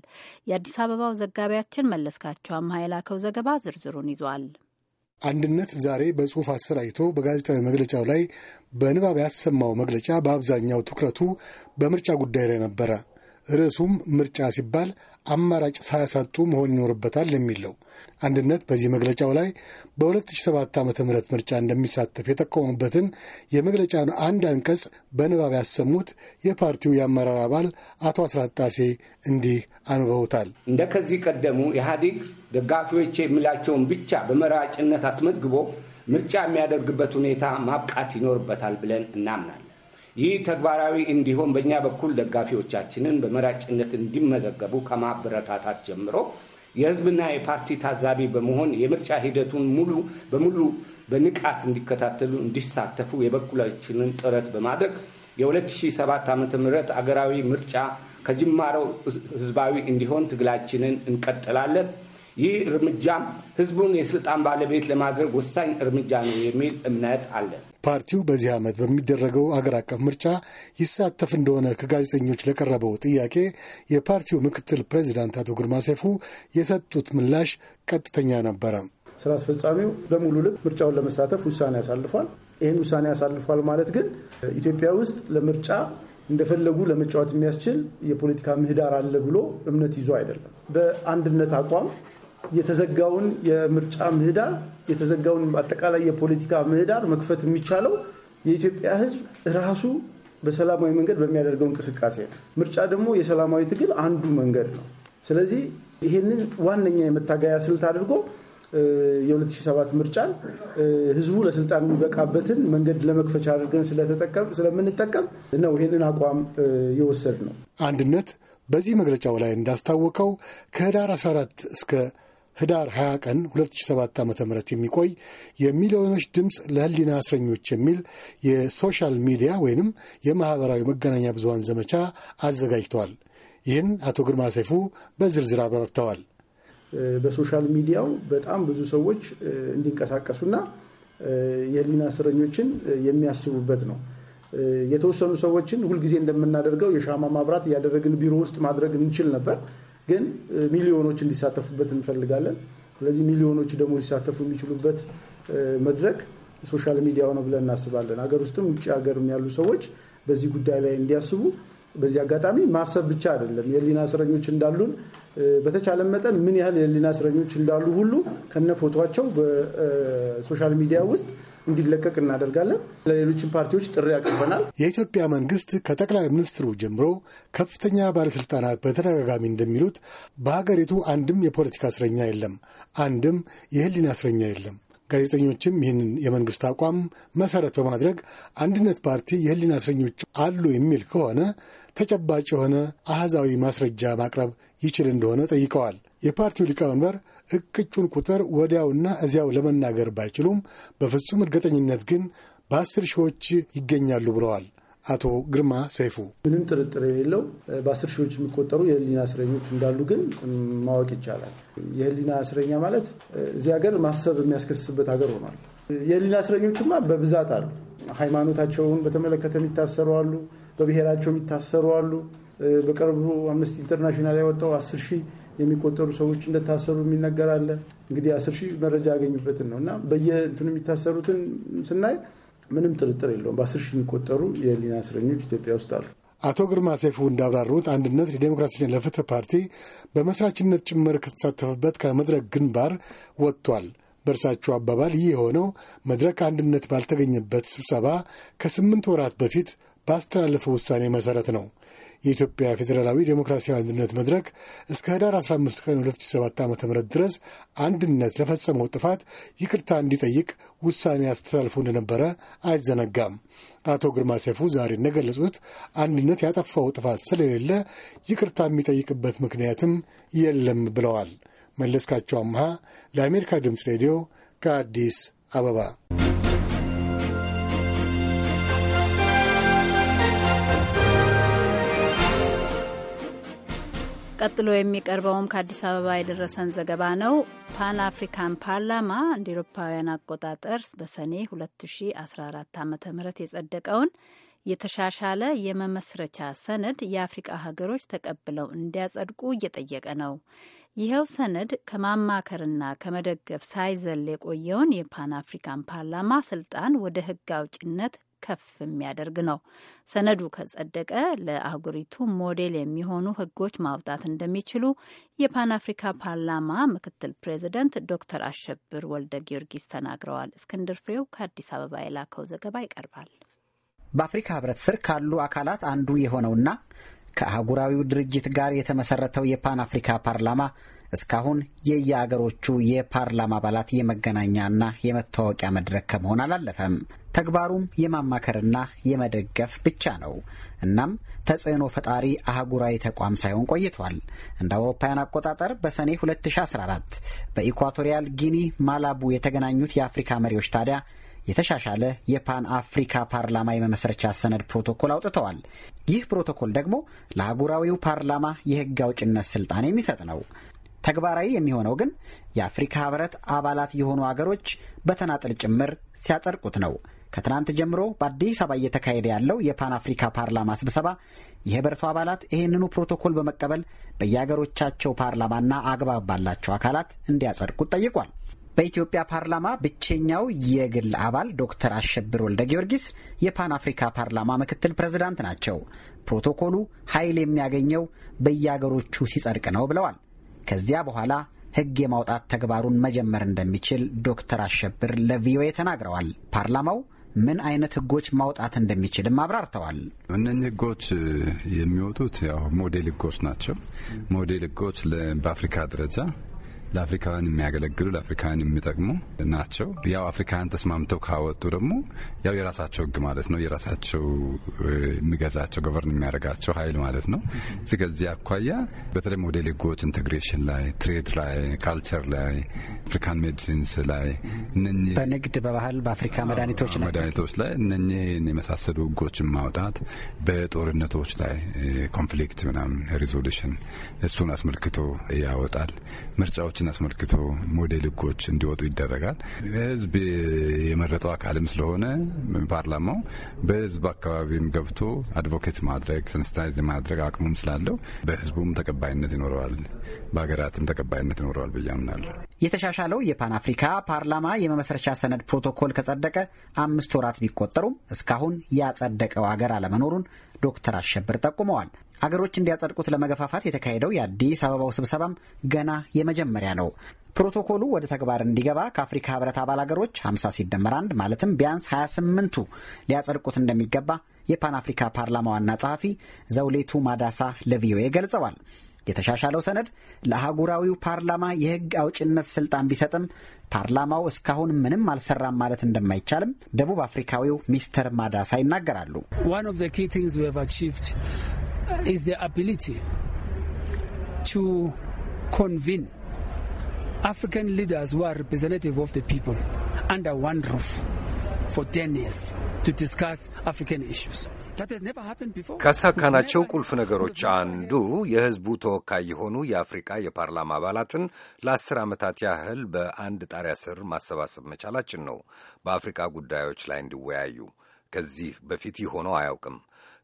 የአዲስ አበባው ዘጋቢያችን መለስካቸው አምሃ የላከው ዘገባ ዝርዝሩን ይዟል። አንድነት ዛሬ በጽሁፍ አሰራጭቶ በጋዜጣዊ መግለጫው ላይ በንባብ ያሰማው መግለጫ በአብዛኛው ትኩረቱ በምርጫ ጉዳይ ላይ ነበረ። ርዕሱም ምርጫ ሲባል አማራጭ ሳያሳጡ መሆን ይኖርበታል የሚል ነው። አንድነት በዚህ መግለጫው ላይ በ2007 ዓ ም ምርጫ እንደሚሳተፍ የጠቀሙበትን የመግለጫን አንድ አንቀጽ በንባብ ያሰሙት የፓርቲው የአመራር አባል አቶ አስራት ጣሴ እንዲህ አንበውታል እንደ ከዚህ ቀደሙ ኢህአዴግ ደጋፊዎች የሚላቸውን ብቻ በመራጭነት አስመዝግቦ ምርጫ የሚያደርግበት ሁኔታ ማብቃት ይኖርበታል ብለን እናምናለን። ይህ ተግባራዊ እንዲሆን በእኛ በኩል ደጋፊዎቻችንን በመራጭነት እንዲመዘገቡ ከማበረታታት ጀምሮ የህዝብና የፓርቲ ታዛቢ በመሆን የምርጫ ሂደቱን ሙሉ በሙሉ በንቃት እንዲከታተሉ፣ እንዲሳተፉ የበኩላችንን ጥረት በማድረግ የ2007 ዓ.ም አገራዊ ምርጫ ከጅማረው ህዝባዊ እንዲሆን ትግላችንን እንቀጥላለን። ይህ እርምጃም ህዝቡን የስልጣን ባለቤት ለማድረግ ወሳኝ እርምጃ ነው የሚል እምነት አለን። ፓርቲው በዚህ ዓመት በሚደረገው አገር አቀፍ ምርጫ ይሳተፍ እንደሆነ ከጋዜጠኞች ለቀረበው ጥያቄ የፓርቲው ምክትል ፕሬዚዳንት አቶ ግርማ ሰይፉ የሰጡት ምላሽ ቀጥተኛ ነበረ። ስራ አስፈጻሚው በሙሉ ልብ ምርጫውን ለመሳተፍ ውሳኔ ያሳልፏል። ይህን ውሳኔ ያሳልፏል ማለት ግን ኢትዮጵያ ውስጥ ለምርጫ እንደፈለጉ ለመጫወት የሚያስችል የፖለቲካ ምህዳር አለ ብሎ እምነት ይዞ አይደለም። በአንድነት አቋም የተዘጋውን የምርጫ ምህዳር የተዘጋውን አጠቃላይ የፖለቲካ ምህዳር መክፈት የሚቻለው የኢትዮጵያ ሕዝብ ራሱ በሰላማዊ መንገድ በሚያደርገው እንቅስቃሴ ነው። ምርጫ ደግሞ የሰላማዊ ትግል አንዱ መንገድ ነው። ስለዚህ ይህንን ዋነኛ የመታገያ ስልት አድርጎ የ2007 ምርጫን ህዝቡ ለስልጣን የሚበቃበትን መንገድ ለመክፈቻ አድርገን ስለምንጠቀም ነው ይህንን አቋም የወሰድ ነው። አንድነት በዚህ መግለጫው ላይ እንዳስታወቀው ከህዳር 14 እስከ ህዳር 20 ቀን 2007 ዓ ም የሚቆይ የሚሊዮኖች ድምፅ ለህሊና እስረኞች የሚል የሶሻል ሚዲያ ወይንም የማኅበራዊ መገናኛ ብዙሃን ዘመቻ አዘጋጅተዋል። ይህን አቶ ግርማ ሰይፉ በዝርዝር አብራርተዋል። በሶሻል ሚዲያው በጣም ብዙ ሰዎች እንዲንቀሳቀሱና የህሊና እስረኞችን የሚያስቡበት ነው። የተወሰኑ ሰዎችን ሁልጊዜ እንደምናደርገው የሻማ ማብራት እያደረግን ቢሮ ውስጥ ማድረግ እንችል ነበር፣ ግን ሚሊዮኖች እንዲሳተፉበት እንፈልጋለን። ስለዚህ ሚሊዮኖች ደግሞ ሊሳተፉ የሚችሉበት መድረክ ሶሻል ሚዲያው ነው ብለን እናስባለን። ሀገር ውስጥም ውጭ ሀገርም ያሉ ሰዎች በዚህ ጉዳይ ላይ እንዲያስቡ በዚህ አጋጣሚ ማሰብ ብቻ አይደለም። የህሊና እስረኞች እንዳሉን በተቻለ መጠን ምን ያህል የህሊና እስረኞች እንዳሉ ሁሉ ከነ ፎቶቸው በሶሻል ሚዲያ ውስጥ እንዲለቀቅ እናደርጋለን። ለሌሎችም ፓርቲዎች ጥሪ ያቀርበናል። የኢትዮጵያ መንግስት ከጠቅላይ ሚኒስትሩ ጀምሮ ከፍተኛ ባለስልጣናት በተደጋጋሚ እንደሚሉት በሀገሪቱ አንድም የፖለቲካ እስረኛ የለም፣ አንድም የህሊና እስረኛ የለም። ጋዜጠኞችም ይህንን የመንግስት አቋም መሰረት በማድረግ አንድነት ፓርቲ የህሊና እስረኞች አሉ የሚል ከሆነ ተጨባጭ የሆነ አሃዛዊ ማስረጃ ማቅረብ ይችል እንደሆነ ጠይቀዋል። የፓርቲው ሊቀመንበር እቅጩን ቁጥር ወዲያውና እዚያው ለመናገር ባይችሉም በፍጹም እርግጠኝነት ግን በአስር ሺዎች ይገኛሉ ብለዋል። አቶ ግርማ ሰይፉ ምንም ጥርጥር የሌለው በአስር ሺዎች የሚቆጠሩ የህሊና እስረኞች እንዳሉ ግን ማወቅ ይቻላል። የህሊና እስረኛ ማለት እዚህ ሀገር ማሰብ የሚያስከስስበት ሀገር ሆኗል። የህሊና እስረኞችማ በብዛት አሉ። ሃይማኖታቸውን በተመለከተ የሚታሰሩ አሉ። በብሔራቸው የሚታሰሩ አሉ። በቅርቡ አምነስቲ ኢንተርናሽናል ያወጣው አስር ሺህ የሚቆጠሩ ሰዎች እንደታሰሩ የሚነገር አለ። እንግዲህ አስር ሺህ መረጃ ያገኙበትን ነው እና በየእንትኑ የሚታሰሩትን ስናይ ምንም ጥርጥር የለውም በአስር ሺህ የሚቆጠሩ የሊና እስረኞች ኢትዮጵያ ውስጥ አሉ። አቶ ግርማ ሴፉ እንዳብራሩት አንድነት ለዲሞክራሲና ለፍትህ ፓርቲ በመስራችነት ጭምር ከተሳተፈበት ከመድረክ ግንባር ወጥቷል። በእርሳቸው አባባል ይህ የሆነው መድረክ አንድነት ባልተገኘበት ስብሰባ ከስምንት ወራት በፊት ባስተላለፈው ውሳኔ መሠረት ነው። የኢትዮጵያ ፌዴራላዊ ዴሞክራሲያዊ አንድነት መድረክ እስከ ህዳር 15 ቀን 2007 ዓ ም ድረስ አንድነት ለፈጸመው ጥፋት ይቅርታ እንዲጠይቅ ውሳኔ አስተላልፎ እንደነበረ አይዘነጋም። አቶ ግርማ ሰይፉ ዛሬ እንደገለጹት አንድነት ያጠፋው ጥፋት ስለሌለ ይቅርታ የሚጠይቅበት ምክንያትም የለም ብለዋል። መለስካቸው አምሃ ለአሜሪካ ድምፅ ሬዲዮ ከአዲስ አበባ ቀጥሎ የሚቀርበውም ከአዲስ አበባ የደረሰን ዘገባ ነው። ፓን አፍሪካን ፓርላማ እንደ ኤሮፓውያን አቆጣጠር በሰኔ 2014 ዓ ም የጸደቀውን የተሻሻለ የመመስረቻ ሰነድ የአፍሪቃ ሀገሮች ተቀብለው እንዲያጸድቁ እየጠየቀ ነው። ይኸው ሰነድ ከማማከርና ከመደገፍ ሳይዘል የቆየውን የፓን አፍሪካን ፓርላማ ስልጣን ወደ ህግ አውጭነት ከፍ የሚያደርግ ነው። ሰነዱ ከጸደቀ ለአህጉሪቱ ሞዴል የሚሆኑ ህጎች ማውጣት እንደሚችሉ የፓን አፍሪካ ፓርላማ ምክትል ፕሬዚደንት ዶክተር አሸብር ወልደ ጊዮርጊስ ተናግረዋል። እስክንድር ፍሬው ከአዲስ አበባ የላከው ዘገባ ይቀርባል። በአፍሪካ ህብረት ስር ካሉ አካላት አንዱ የሆነውና ከአህጉራዊው ድርጅት ጋር የተመሰረተው የፓን አፍሪካ ፓርላማ እስካሁን የየአገሮቹ የፓርላማ አባላት የመገናኛና የመታወቂያ መድረክ ከመሆን አላለፈም። ተግባሩም የማማከርና የመደገፍ ብቻ ነው። እናም ተጽዕኖ ፈጣሪ አህጉራዊ ተቋም ሳይሆን ቆይቷል። እንደ አውሮፓውያን አቆጣጠር በሰኔ 2014 በኢኳቶሪያል ጊኒ ማላቡ የተገናኙት የአፍሪካ መሪዎች ታዲያ የተሻሻለ የፓን አፍሪካ ፓርላማ የመመስረቻ ሰነድ ፕሮቶኮል አውጥተዋል። ይህ ፕሮቶኮል ደግሞ ለአህጉራዊው ፓርላማ የህግ አውጭነት ስልጣን የሚሰጥ ነው። ተግባራዊ የሚሆነው ግን የአፍሪካ ህብረት አባላት የሆኑ አገሮች በተናጠል ጭምር ሲያጸድቁት ነው። ከትናንት ጀምሮ በአዲስ አበባ እየተካሄደ ያለው የፓን አፍሪካ ፓርላማ ስብሰባ የህብረቱ አባላት ይህንኑ ፕሮቶኮል በመቀበል በየአገሮቻቸው ፓርላማና አግባብ ባላቸው አካላት እንዲያጸድቁት ጠይቋል። በኢትዮጵያ ፓርላማ ብቸኛው የግል አባል ዶክተር አሸብር ወልደ ጊዮርጊስ የፓን አፍሪካ ፓርላማ ምክትል ፕሬዝዳንት ናቸው። ፕሮቶኮሉ ኃይል የሚያገኘው በየአገሮቹ ሲጸድቅ ነው ብለዋል። ከዚያ በኋላ ሕግ የማውጣት ተግባሩን መጀመር እንደሚችል ዶክተር አሸብር ለቪኦኤ ተናግረዋል። ፓርላማው ምን አይነት ህጎች ማውጣት እንደሚችልም አብራርተዋል። እነኚህ ህጎች የሚወጡት ያው ሞዴል ህጎች ናቸው። ሞዴል ህጎች በአፍሪካ ደረጃ ለአፍሪካውያን የሚያገለግሉ ለአፍሪካውያን የሚጠቅሙ ናቸው። ያው አፍሪካውያን ተስማምተው ካወጡ ደግሞ ያው የራሳቸው ህግ ማለት ነው። የራሳቸው የሚገዛቸው ገቨርን የሚያደርጋቸው ሀይል ማለት ነው። ከዚህ አኳያ በተለይ ሞዴል ሌጎች ኢንቴግሬሽን ላይ፣ ትሬድ ላይ፣ ካልቸር ላይ፣ አፍሪካን ሜዲሲንስ ላይ በንግድ በባህል በአፍሪካ መድኃኒቶች ላይ መድኃኒቶች ላይ እነኚህን የመሳሰሉ ህጎችን ማውጣት በጦርነቶች ላይ ኮንፍሊክት ምናምን ሪዞሉሽን እሱን አስመልክቶ ያወጣል ምርጫዎች ጉዳዮችን አስመልክቶ ሞዴል ህጎች እንዲወጡ ይደረጋል። ህዝብ የመረጠው አካልም ስለሆነ ፓርላማው በህዝብ አካባቢም ገብቶ አድቮኬት ማድረግ ሰንስታይዝ ማድረግ አቅሙም ስላለው በህዝቡም ተቀባይነት ይኖረዋል፣ በሀገራትም ተቀባይነት ይኖረዋል ብዬ አምናለሁ። የተሻሻለው የፓን አፍሪካ ፓርላማ የመመስረቻ ሰነድ ፕሮቶኮል ከጸደቀ አምስት ወራት ቢቆጠሩም እስካሁን ያጸደቀው ሀገር አለመኖሩን ዶክተር አሸብር ጠቁመዋል። አገሮች እንዲያጸድቁት ለመገፋፋት የተካሄደው የአዲስ አበባው ስብሰባም ገና የመጀመሪያ ነው። ፕሮቶኮሉ ወደ ተግባር እንዲገባ ከአፍሪካ ህብረት አባል አገሮች 50 ሲደመር አንድ ማለትም ቢያንስ 28ቱ ሊያጸድቁት እንደሚገባ የፓን አፍሪካ ፓርላማ ዋና ጸሐፊ ዘውሌቱ ማዳሳ ለቪኦኤ ገልጸዋል። የተሻሻለው ሰነድ ለአህጉራዊው ፓርላማ የህግ አውጭነት ስልጣን ቢሰጥም ፓርላማው እስካሁን ምንም አልሰራም ማለት እንደማይቻልም ደቡብ አፍሪካዊው ሚስተር ማዳሳ ይናገራሉ። ኮንቪን አፍሪካን ሊደርስ ዋር ሪፕሬዘንቲቭ ኦፍ ፒፕል አንደር ዋን ሩፍ ፎር ቴን ይርስ ቱ ዲስካስ አፍሪካን ኢሹስ ካሳካናቸው ቁልፍ ነገሮች አንዱ የህዝቡ ተወካይ የሆኑ የአፍሪቃ የፓርላማ አባላትን ለአስር ዓመታት ያህል በአንድ ጣሪያ ስር ማሰባሰብ መቻላችን ነው፣ በአፍሪቃ ጉዳዮች ላይ እንዲወያዩ። ከዚህ በፊት ይሆነው አያውቅም።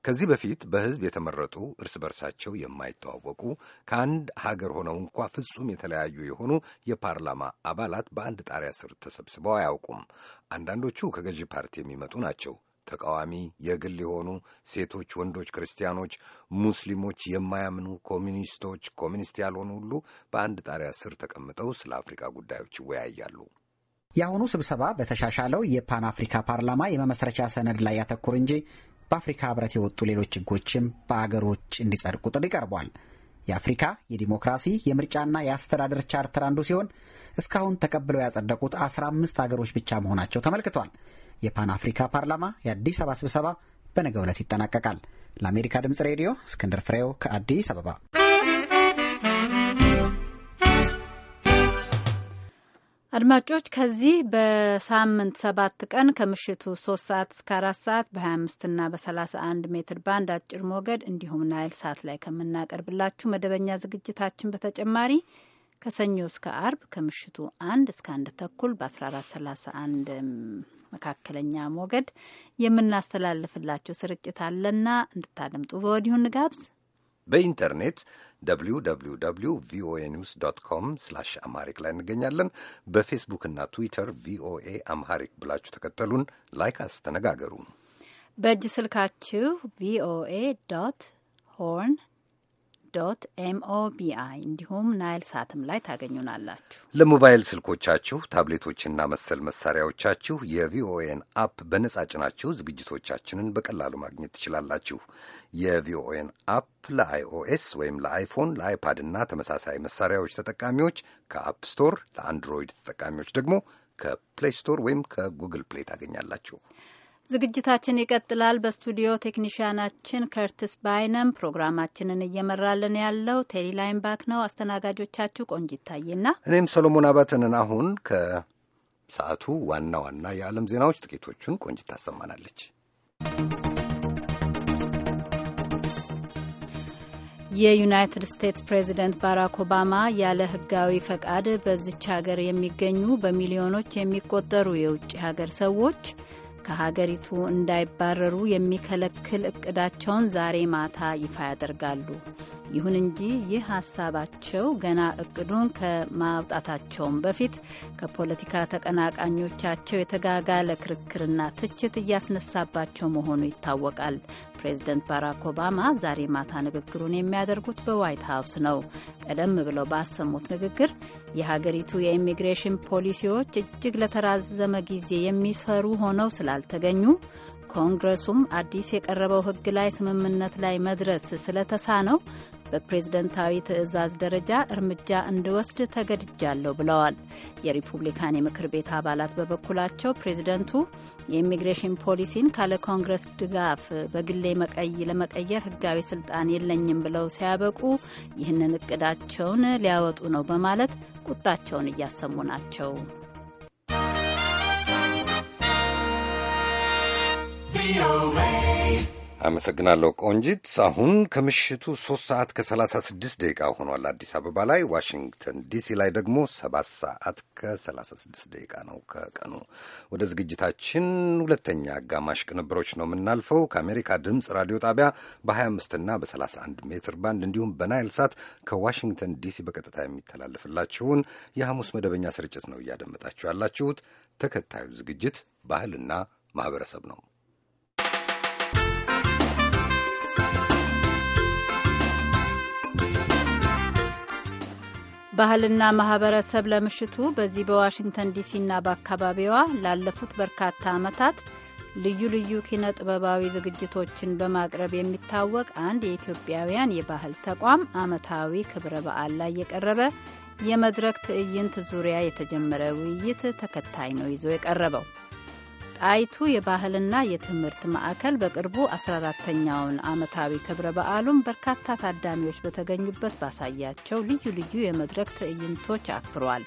ከዚህ በፊት በህዝብ የተመረጡ እርስ በርሳቸው የማይተዋወቁ ከአንድ ሀገር ሆነው እንኳ ፍጹም የተለያዩ የሆኑ የፓርላማ አባላት በአንድ ጣሪያ ስር ተሰብስበው አያውቁም። አንዳንዶቹ ከገዢ ፓርቲ የሚመጡ ናቸው። ተቃዋሚ፣ የግል የሆኑ ሴቶች፣ ወንዶች፣ ክርስቲያኖች፣ ሙስሊሞች፣ የማያምኑ ኮሚኒስቶች፣ ኮሚኒስት ያልሆኑ ሁሉ በአንድ ጣሪያ ስር ተቀምጠው ስለ አፍሪካ ጉዳዮች ይወያያሉ። የአሁኑ ስብሰባ በተሻሻለው የፓን አፍሪካ ፓርላማ የመመስረቻ ሰነድ ላይ ያተኩር እንጂ በአፍሪካ ህብረት የወጡ ሌሎች ህጎችም በአገሮች እንዲጸድቁ ጥሪ ቀርቧል። የአፍሪካ የዲሞክራሲ የምርጫና የአስተዳደር ቻርተር አንዱ ሲሆን እስካሁን ተቀብለው ያጸደቁት 15 ሀገሮች ብቻ መሆናቸው ተመልክቷል። የፓን አፍሪካ ፓርላማ የአዲስ አበባ ስብሰባ በነገው ዕለት ይጠናቀቃል። ለአሜሪካ ድምፅ ሬዲዮ እስክንድር ፍሬው ከአዲስ አበባ አድማጮች ከዚህ በሳምንት ሰባት ቀን ከምሽቱ ሶስት ሰዓት እስከ አራት ሰዓት በ25 ና በ31 ሜትር ባንድ አጭር ሞገድ እንዲሁም ናይል ሳት ላይ ከምናቀርብላችሁ መደበኛ ዝግጅታችን በተጨማሪ ከሰኞ እስከ አርብ ከምሽቱ አንድ እስከ አንድ ተኩል በ1431 መካከለኛ ሞገድ የምናስተላልፍላችሁ ስርጭት አለና እንድታደምጡ በወዲሁ እንጋብዝ። በኢንተርኔት www ቪኦኤ ኒውስ ዶት ኮም ስላሽ አምሃሪክ ላይ እንገኛለን። በፌስቡክና ትዊተር ቪኦኤ አምሃሪክ ብላችሁ ተከተሉን፣ ላይክ አስተነጋገሩ። በእጅ ስልካችሁ ቪኦኤ ዶት ሆርን ዶት ኤምኦቢአይ እንዲሁም ናይል ሳትም ላይ ታገኙናላችሁ። ለሞባይል ስልኮቻችሁ ታብሌቶችና መሰል መሳሪያዎቻችሁ የቪኦኤን አፕ በነጻ ጭናችሁ ዝግጅቶቻችንን በቀላሉ ማግኘት ትችላላችሁ። የቪኦኤን አፕ ለአይኦኤስ ወይም ለአይፎን፣ ለአይፓድ እና ተመሳሳይ መሳሪያዎች ተጠቃሚዎች ከአፕ ስቶር፣ ለአንድሮይድ ተጠቃሚዎች ደግሞ ከፕሌይ ስቶር ወይም ከጉግል ፕሌይ ታገኛላችሁ። ዝግጅታችን ይቀጥላል። በስቱዲዮ ቴክኒሽያናችን ከርትስ ባይነም፣ ፕሮግራማችንን እየመራልን ያለው ቴሪ ባክ ነው። አስተናጋጆቻችሁ ቆንጅ ይታይና እኔም ሰሎሞን አባተንን። አሁን ከሰዓቱ ዋና ዋና የዓለም ዜናዎች ጥቂቶቹን ቆንጅ ታሰማናለች። የዩናይትድ ስቴትስ ፕሬዚደንት ባራክ ኦባማ ያለ ሕጋዊ ፈቃድ በዚች ሀገር የሚገኙ በሚሊዮኖች የሚቆጠሩ የውጭ ሀገር ሰዎች ከሀገሪቱ እንዳይባረሩ የሚከለክል እቅዳቸውን ዛሬ ማታ ይፋ ያደርጋሉ። ይሁን እንጂ ይህ ሀሳባቸው ገና እቅዱን ከማውጣታቸውም በፊት ከፖለቲካ ተቀናቃኞቻቸው የተጋጋለ ክርክርና ትችት እያስነሳባቸው መሆኑ ይታወቃል። ፕሬዝደንት ባራክ ኦባማ ዛሬ ማታ ንግግሩን የሚያደርጉት በዋይት ሀውስ ነው። ቀደም ብለው ባሰሙት ንግግር የሀገሪቱ የኢሚግሬሽን ፖሊሲዎች እጅግ ለተራዘመ ጊዜ የሚሰሩ ሆነው ስላልተገኙ ኮንግረሱም አዲስ የቀረበው ሕግ ላይ ስምምነት ላይ መድረስ ስለተሳነው በፕሬዝደንታዊ ትዕዛዝ ደረጃ እርምጃ እንድወስድ ተገድጃለሁ ብለዋል። የሪፑብሊካን የምክር ቤት አባላት በበኩላቸው ፕሬዝደንቱ የኢሚግሬሽን ፖሊሲን ካለ ኮንግረስ ድጋፍ በግሌ ለመቀየር ህጋዊ ስልጣን የለኝም ብለው ሲያበቁ ይህንን እቅዳቸውን ሊያወጡ ነው በማለት ቁጣቸውን እያሰሙ ናቸው። አመሰግናለሁ ቆንጂት። አሁን ከምሽቱ 3 ሰዓት ከ36 ደቂቃ ሆኗል አዲስ አበባ ላይ። ዋሽንግተን ዲሲ ላይ ደግሞ 7 ሰዓት ከ36 ደቂቃ ነው ከቀኑ። ወደ ዝግጅታችን ሁለተኛ አጋማሽ ቅንብሮች ነው የምናልፈው። ከአሜሪካ ድምፅ ራዲዮ ጣቢያ በ25 እና በ31 ሜትር ባንድ እንዲሁም በናይል ሳት ከዋሽንግተን ዲሲ በቀጥታ የሚተላለፍላችሁን የሐሙስ መደበኛ ስርጭት ነው እያደመጣችሁ ያላችሁት። ተከታዩ ዝግጅት ባህልና ማህበረሰብ ነው። ባህልና ማህበረሰብ ለምሽቱ በዚህ በዋሽንግተን ዲሲና በአካባቢዋ ላለፉት በርካታ ዓመታት ልዩ ልዩ ኪነ ጥበባዊ ዝግጅቶችን በማቅረብ የሚታወቅ አንድ የኢትዮጵያውያን የባህል ተቋም ዓመታዊ ክብረ በዓል ላይ የቀረበ የመድረክ ትዕይንት ዙሪያ የተጀመረ ውይይት ተከታይ ነው ይዞ የቀረበው። ጣይቱ የባህልና የትምህርት ማዕከል በቅርቡ 14ተኛውን ዓመታዊ ክብረ በዓሉን በርካታ ታዳሚዎች በተገኙበት ባሳያቸው ልዩ ልዩ የመድረክ ትዕይንቶች አክብሯል።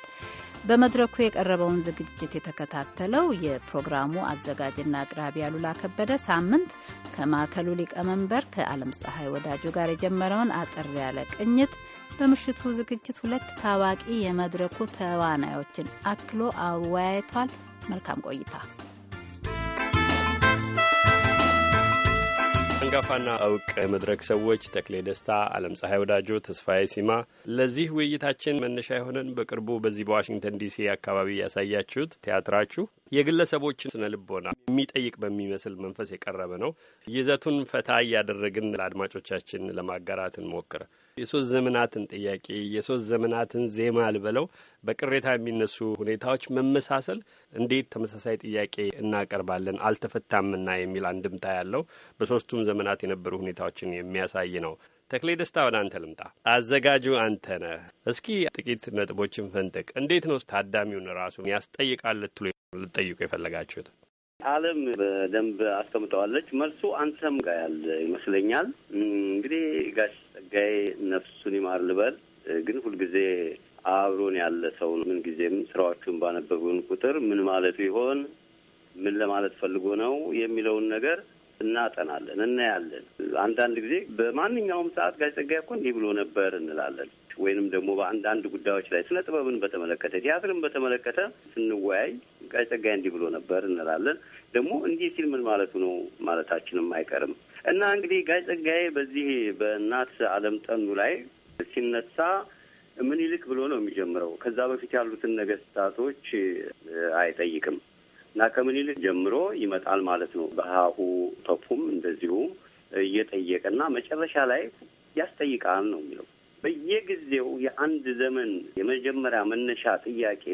በመድረኩ የቀረበውን ዝግጅት የተከታተለው የፕሮግራሙ አዘጋጅና አቅራቢ አሉላ ከበደ ሳምንት ከማዕከሉ ሊቀመንበር ከዓለም ፀሐይ ወዳጁ ጋር የጀመረውን አጠር ያለ ቅኝት በምሽቱ ዝግጅት ሁለት ታዋቂ የመድረኩ ተዋናዮችን አክሎ አወያይቷል። መልካም ቆይታ። አንጋፋና እውቅ መድረክ ሰዎች ተክሌ ደስታ፣ አለም ፀሐይ ወዳጆ፣ ተስፋዬ ሲማ ለዚህ ውይይታችን መነሻ የሆነን በቅርቡ በዚህ በዋሽንግተን ዲሲ አካባቢ ያሳያችሁት ቲያትራችሁ የግለሰቦችን ስነ ልቦና የሚጠይቅ በሚመስል መንፈስ የቀረበ ነው። ይዘቱን ፈታ እያደረግን ለአድማጮቻችን ለማጋራት እንሞክር። የሶስት ዘመናትን ጥያቄ የሶስት ዘመናትን ዜማ ልበለው በቅሬታ የሚነሱ ሁኔታዎች መመሳሰል እንዴት ተመሳሳይ ጥያቄ እናቀርባለን አልተፈታምና የሚል አንድምታ ያለው በሶስቱም ዘመናት የነበሩ ሁኔታዎችን የሚያሳይ ነው። ተክሌ ደስታ ወደ አንተ ልምጣ። አዘጋጁ አንተ ነህ። እስኪ ጥቂት ነጥቦችን ፈንጥቅ። እንዴት ነው ታዳሚውን ራሱን ያስጠይቃል ልትሉ ልጠይቁ የፈለጋችሁት? አለም በደንብ አስቀምጠዋለች። መልሱ አንተም ጋር ያለ ይመስለኛል። እንግዲህ ጋሽ ጸጋዬ ነፍሱን ይማር ልበል፣ ግን ሁልጊዜ አብሮን ያለ ሰው ነው። ምንጊዜም ስራዎቹን ባነበቡን ቁጥር ምን ማለቱ ይሆን፣ ምን ለማለት ፈልጎ ነው የሚለውን ነገር እናጠናለን፣ እናያለን። አንዳንድ ጊዜ በማንኛውም ሰዓት ጋሽ ጸጋዬ እኮ እንዲህ ብሎ ነበር እንላለን። ወይንም ደግሞ በአንዳንድ ጉዳዮች ላይ ስነ ጥበብን በተመለከተ ቲያትርን በተመለከተ ስንወያይ ቃይ ጸጋይ እንዲህ ብሎ ነበር እንላለን። ደግሞ እንዲህ ሲል ምን ማለቱ ነው ማለታችንም አይቀርም እና እንግዲህ ጋይ ጸጋዬ በዚህ በእናት አለም ጠኑ ላይ ሲነሳ ምኒልክ ብሎ ነው የሚጀምረው። ከዛ በፊት ያሉትን ነገስታቶች አይጠይቅም እና ከምኒልክ ጀምሮ ይመጣል ማለት ነው። በሀሁ ተፉም እንደዚሁ እየጠየቀ እና መጨረሻ ላይ ያስጠይቃል ነው የሚለው በየጊዜው የአንድ ዘመን የመጀመሪያ መነሻ ጥያቄ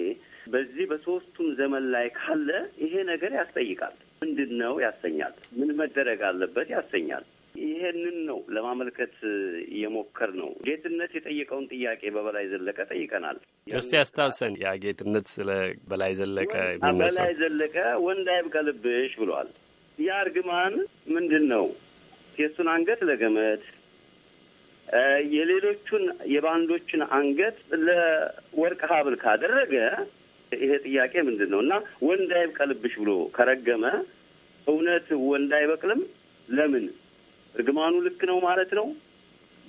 በዚህ በሶስቱም ዘመን ላይ ካለ ይሄ ነገር ያስጠይቃል። ምንድን ነው ያሰኛል። ምን መደረግ አለበት ያሰኛል። ይሄንን ነው ለማመልከት እየሞከር ነው። ጌትነት የጠየቀውን ጥያቄ በበላይ ዘለቀ ጠይቀናል። እስቲ ያስታውሰን። ያ ጌትነት ስለ በላይ ዘለቀ በላይ ዘለቀ ወንድ አይብቀልብሽ ብሏል። ያ እርግማን ምንድን ነው? የእሱን አንገት ለገመድ የሌሎቹን የባንዶችን አንገት ለወርቅ ሀብል ካደረገ ይሄ ጥያቄ ምንድን ነው እና ወንድ አይብቀልብሽ ብሎ ከረገመ እውነት ወንድ አይበቅልም? ለምን እርግማኑ ልክ ነው ማለት ነው?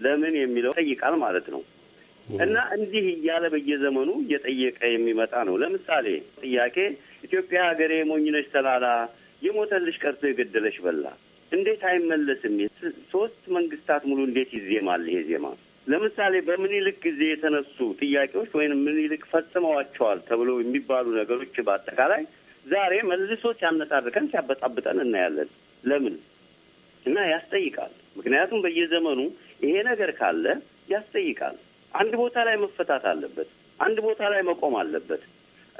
ለምን የሚለው ጠይቃል ማለት ነው። እና እንዲህ እያለ በየዘመኑ እየጠየቀ የሚመጣ ነው። ለምሳሌ ጥያቄ ኢትዮጵያ ሀገሬ ሞኝነች ተላላ የሞተልሽ ቀርቶ የገደለሽ በላ እንዴት አይመለስም? ሶስት መንግስታት ሙሉ እንዴት ይዜማል ይሄ ዜማ? ለምሳሌ በምኒልክ ጊዜ የተነሱ ጥያቄዎች ወይም ምኒልክ ፈጽመዋቸዋል ተብሎ የሚባሉ ነገሮች በአጠቃላይ ዛሬ መልሶ ሲያነጣርቀን ሲያበጣብጠን እናያለን። ለምን እና ያስጠይቃል። ምክንያቱም በየዘመኑ ይሄ ነገር ካለ ያስጠይቃል። አንድ ቦታ ላይ መፈታት አለበት። አንድ ቦታ ላይ መቆም አለበት።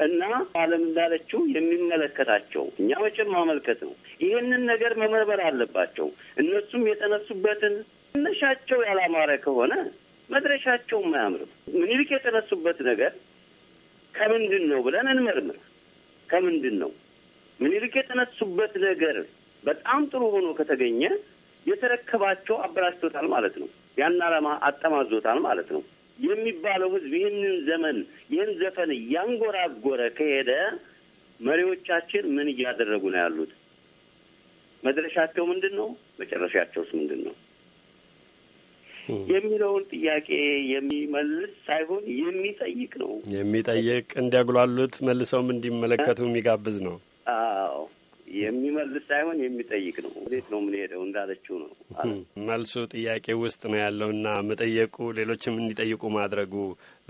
እና አለም እንዳለችው የሚመለከታቸው እኛ መቼም ማመልከት ነው። ይህንን ነገር መመርመር አለባቸው። እነሱም የተነሱበትን መነሻቸው ያላማረ ከሆነ መድረሻቸውም አያምርም። ምኒልክ የተነሱበት ነገር ከምንድን ነው ብለን እንመርምር። ከምንድን ነው ምኒልክ የተነሱበት ነገር በጣም ጥሩ ሆኖ ከተገኘ የተረከባቸው አበላሽቶታል ማለት ነው። ያን ዓላማ አጠማዞታል ማለት ነው። የሚባለው ህዝብ ይህንን ዘመን ይህን ዘፈን እያንጎራጎረ ከሄደ መሪዎቻችን ምን እያደረጉ ነው ያሉት? መድረሻቸው ምንድን ነው? መጨረሻቸውስ ምንድን ነው የሚለውን ጥያቄ የሚመልስ ሳይሆን የሚጠይቅ ነው። የሚጠይቅ እንዲያጉላሉት መልሰውም እንዲመለከቱ የሚጋብዝ ነው። አዎ የሚመልስ ሳይሆን የሚጠይቅ ነው። እንዴት ነው የምንሄደው እንዳለችው ነው መልሱ ጥያቄ ውስጥ ነው ያለውና መጠየቁ፣ ሌሎችም እንዲጠይቁ ማድረጉ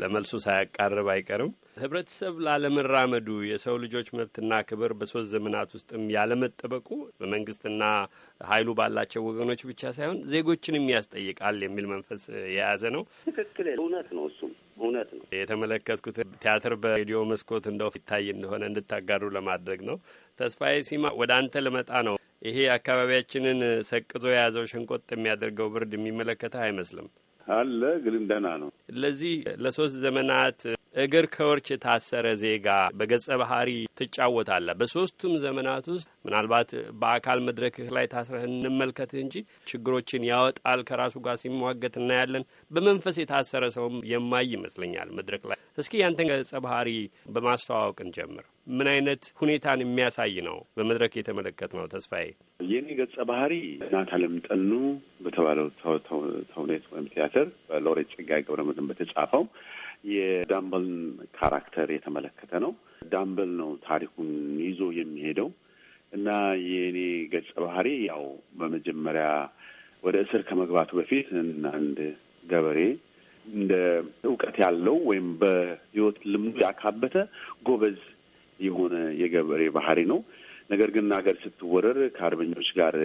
ለመልሱ ሳያቃርብ አይቀርም። ህብረተሰብ ላለመራመዱ የሰው ልጆች መብትና ክብር በሶስት ዘመናት ውስጥም ያለመጠበቁ በመንግስትና ኃይሉ ባላቸው ወገኖች ብቻ ሳይሆን ዜጎችንም ያስጠይቃል የሚል መንፈስ የያዘ ነው። ትክክል፣ እውነት ነው። እሱም እውነት ነው። የተመለከትኩት ቲያትር በሬዲዮ መስኮት እንደው ይታይ እንደሆነ እንድታጋሩ ለማድረግ ነው። ተስፋዬ ሲማ ወደ አንተ ልመጣ ነው። ይሄ አካባቢያችንን ሰቅዞ የያዘው ሸንቆጥ የሚያደርገው ብርድ የሚመለከተህ አይመስልም አለ። ግን ደህና ነው። ለዚህ ለሶስት ዘመናት እግር ከወርች የታሰረ ዜጋ በገጸ ባህሪ ትጫወታለህ። በሶስቱም ዘመናት ውስጥ ምናልባት በአካል መድረክህ ላይ ታስረህ እንመልከትህ እንጂ ችግሮችን ያወጣል ከራሱ ጋር ሲሟገት እናያለን። በመንፈስ የታሰረ ሰውም የማይ ይመስለኛል መድረክ ላይ። እስኪ ያንተን ገጸ ባህሪ በማስተዋወቅ እንጀምር። ምን አይነት ሁኔታን የሚያሳይ ነው? በመድረክ የተመለከት ነው ተስፋዬ። የኔ ገጸ ባህሪ እናት አለም ጠኑ በተባለው ተውኔት ወይም ቲያትር በሎሬት ጸጋዬ ገብረመድህን በተጻፈው የዳምበልን ካራክተር የተመለከተ ነው። ዳምበል ነው ታሪኩን ይዞ የሚሄደው እና የእኔ ገጸ ባህሪ ያው በመጀመሪያ ወደ እስር ከመግባቱ በፊት አንድ ገበሬ እንደ እውቀት ያለው ወይም በህይወት ልምዱ ያካበተ ጎበዝ የሆነ የገበሬ ባህሪ ነው። ነገር ግን ሀገር ስትወረር ከአርበኞች ጋር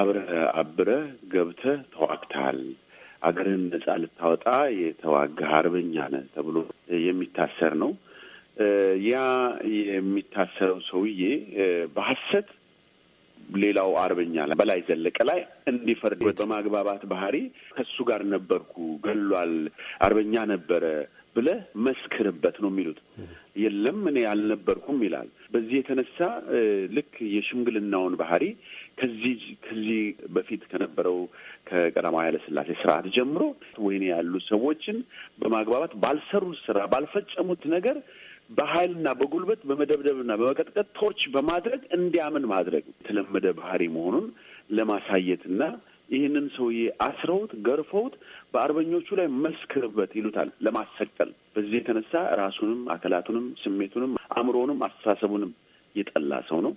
አብረህ አብረህ ገብተህ ተዋግተሃል አገርን ነጻ ልታወጣ የተዋጋ አርበኛ ነህ ተብሎ የሚታሰር ነው። ያ የሚታሰረው ሰውዬ በሐሰት ሌላው አርበኛ በላይ ዘለቀ ላይ እንዲፈርድ በማግባባት ባህሪ ከሱ ጋር ነበርኩ ገሏል፣ አርበኛ ነበረ ብለህ መስክርበት ነው የሚሉት። የለም እኔ አልነበርኩም ይላል። በዚህ የተነሳ ልክ የሽምግልናውን ባህሪ ከዚህ ከዚህ በፊት ከነበረው ከቀዳማዊ ኃይለሥላሴ ስርዓት ጀምሮ ወይኔ ያሉ ሰዎችን በማግባባት ባልሰሩት ስራ ባልፈጸሙት ነገር በኃይልና በጉልበት በመደብደብና በመቀጥቀጥ ቶርች በማድረግ እንዲያምን ማድረግ የተለመደ ባህሪ መሆኑን ለማሳየትና ይህንን ሰውዬ አስረውት ገርፈውት በአርበኞቹ ላይ መስክርበት ይሉታል ለማሰቀል። በዚህ የተነሳ ራሱንም አካላቱንም ስሜቱንም አእምሮውንም አስተሳሰቡንም የጠላ ሰው ነው።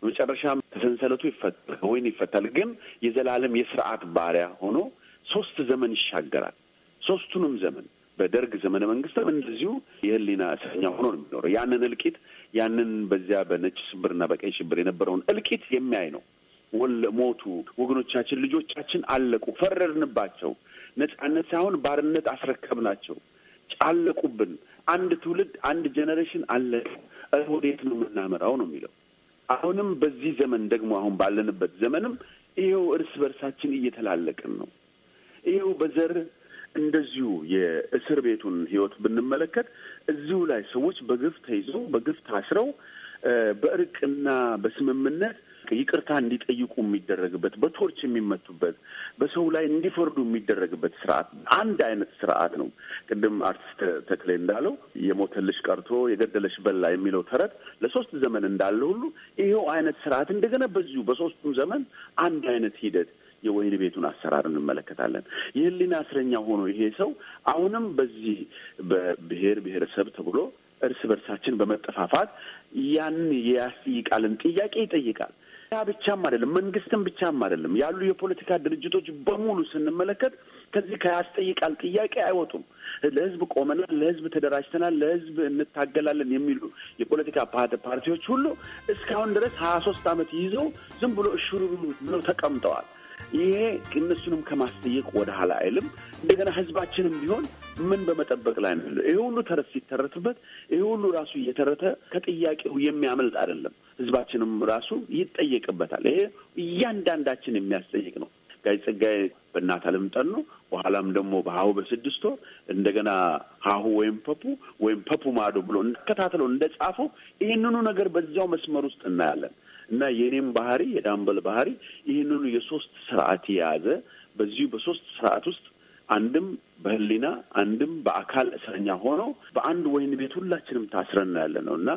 በመጨረሻም ተሰንሰለቱ ይፈታል፣ ወይን ይፈታል። ግን የዘላለም የስርዓት ባሪያ ሆኖ ሶስት ዘመን ይሻገራል። ሶስቱንም ዘመን በደርግ ዘመነ መንግስትም እንደዚሁ የህሊና እስረኛ ሆኖ ነው የሚኖረው። ያንን እልቂት ያንን በዚያ በነጭ ሽብርና በቀይ ሽብር የነበረውን እልቂት የሚያይ ነው። ሞቱ፣ ወገኖቻችን ልጆቻችን አለቁ። ፈረድንባቸው። ነጻነት ሳይሆን ባርነት አስረከብናቸው። አለቁብን። አንድ ትውልድ አንድ ጄኔሬሽን አለቀ። ወዴት ነው የምናመራው ነው የሚለው አሁንም በዚህ ዘመን ደግሞ አሁን ባለንበት ዘመንም ይኸው እርስ በርሳችን እየተላለቅን ነው። ይኸው በዘር እንደዚሁ የእስር ቤቱን ህይወት ብንመለከት እዚሁ ላይ ሰዎች በግፍ ተይዘው በግፍ ታስረው በእርቅና በስምምነት ይቅርታ እንዲጠይቁ የሚደረግበት፣ በቶርች የሚመቱበት፣ በሰው ላይ እንዲፈርዱ የሚደረግበት ስርዓት አንድ አይነት ስርዓት ነው። ቅድም አርቲስት ተክሌ እንዳለው የሞተልሽ ቀርቶ የገደለሽ በላ የሚለው ተረት ለሶስት ዘመን እንዳለ ሁሉ ይኸው አይነት ስርዓት እንደገና በዚሁ በሶስቱ ዘመን አንድ አይነት ሂደት የወህኒ ቤቱን አሰራር እንመለከታለን። የህሊና እስረኛ ሆኖ ይሄ ሰው አሁንም በዚህ በብሔር ብሔረሰብ ተብሎ እርስ በርሳችን በመጠፋፋት ያንን የያስጠይቃልን ጥያቄ ይጠይቃል። ያ ብቻም አይደለም፣ መንግስትም ብቻም አይደለም። ያሉ የፖለቲካ ድርጅቶች በሙሉ ስንመለከት ከዚህ ከያስጠይቃል ጥያቄ አይወጡም። ለህዝብ ቆመናል፣ ለህዝብ ተደራጅተናል፣ ለህዝብ እንታገላለን የሚሉ የፖለቲካ ፓርቲዎች ሁሉ እስካሁን ድረስ ሀያ ሶስት ዓመት ይዘው ዝም ብሎ እሹሩ ብለው ተቀምጠዋል። ይሄ እነሱንም ከማስጠየቅ ወደ ኋላ አይልም። እንደገና ህዝባችንም ቢሆን ምን በመጠበቅ ላይ ነው? ይሄ ሁሉ ተረት ሲተረትበት ይሄ ሁሉ ራሱ እየተረተ ከጥያቄው የሚያመልጥ አይደለም። ህዝባችንም ራሱ ይጠየቅበታል። ይሄ እያንዳንዳችን የሚያስጠይቅ ነው። ጋይ ጸጋይ በእናት አለም ነው። በኋላም ደግሞ በሀሁ በስድስት ወር እንደገና ሀሁ ወይም ፐፑ ወይም ፐፑ ማዶ ብሎ እንከታተለው እንደጻፈው ይህንኑ ነገር በዚያው መስመር ውስጥ እናያለን። እና የእኔም ባህሪ የዳምበል ባህሪ ይህንኑ የሶስት ስርዓት የያዘ በዚሁ በሶስት ስርዓት ውስጥ አንድም በህሊና አንድም በአካል እስረኛ ሆኖ በአንድ ወህኒ ቤት ሁላችንም ታስረና ያለ ነው እና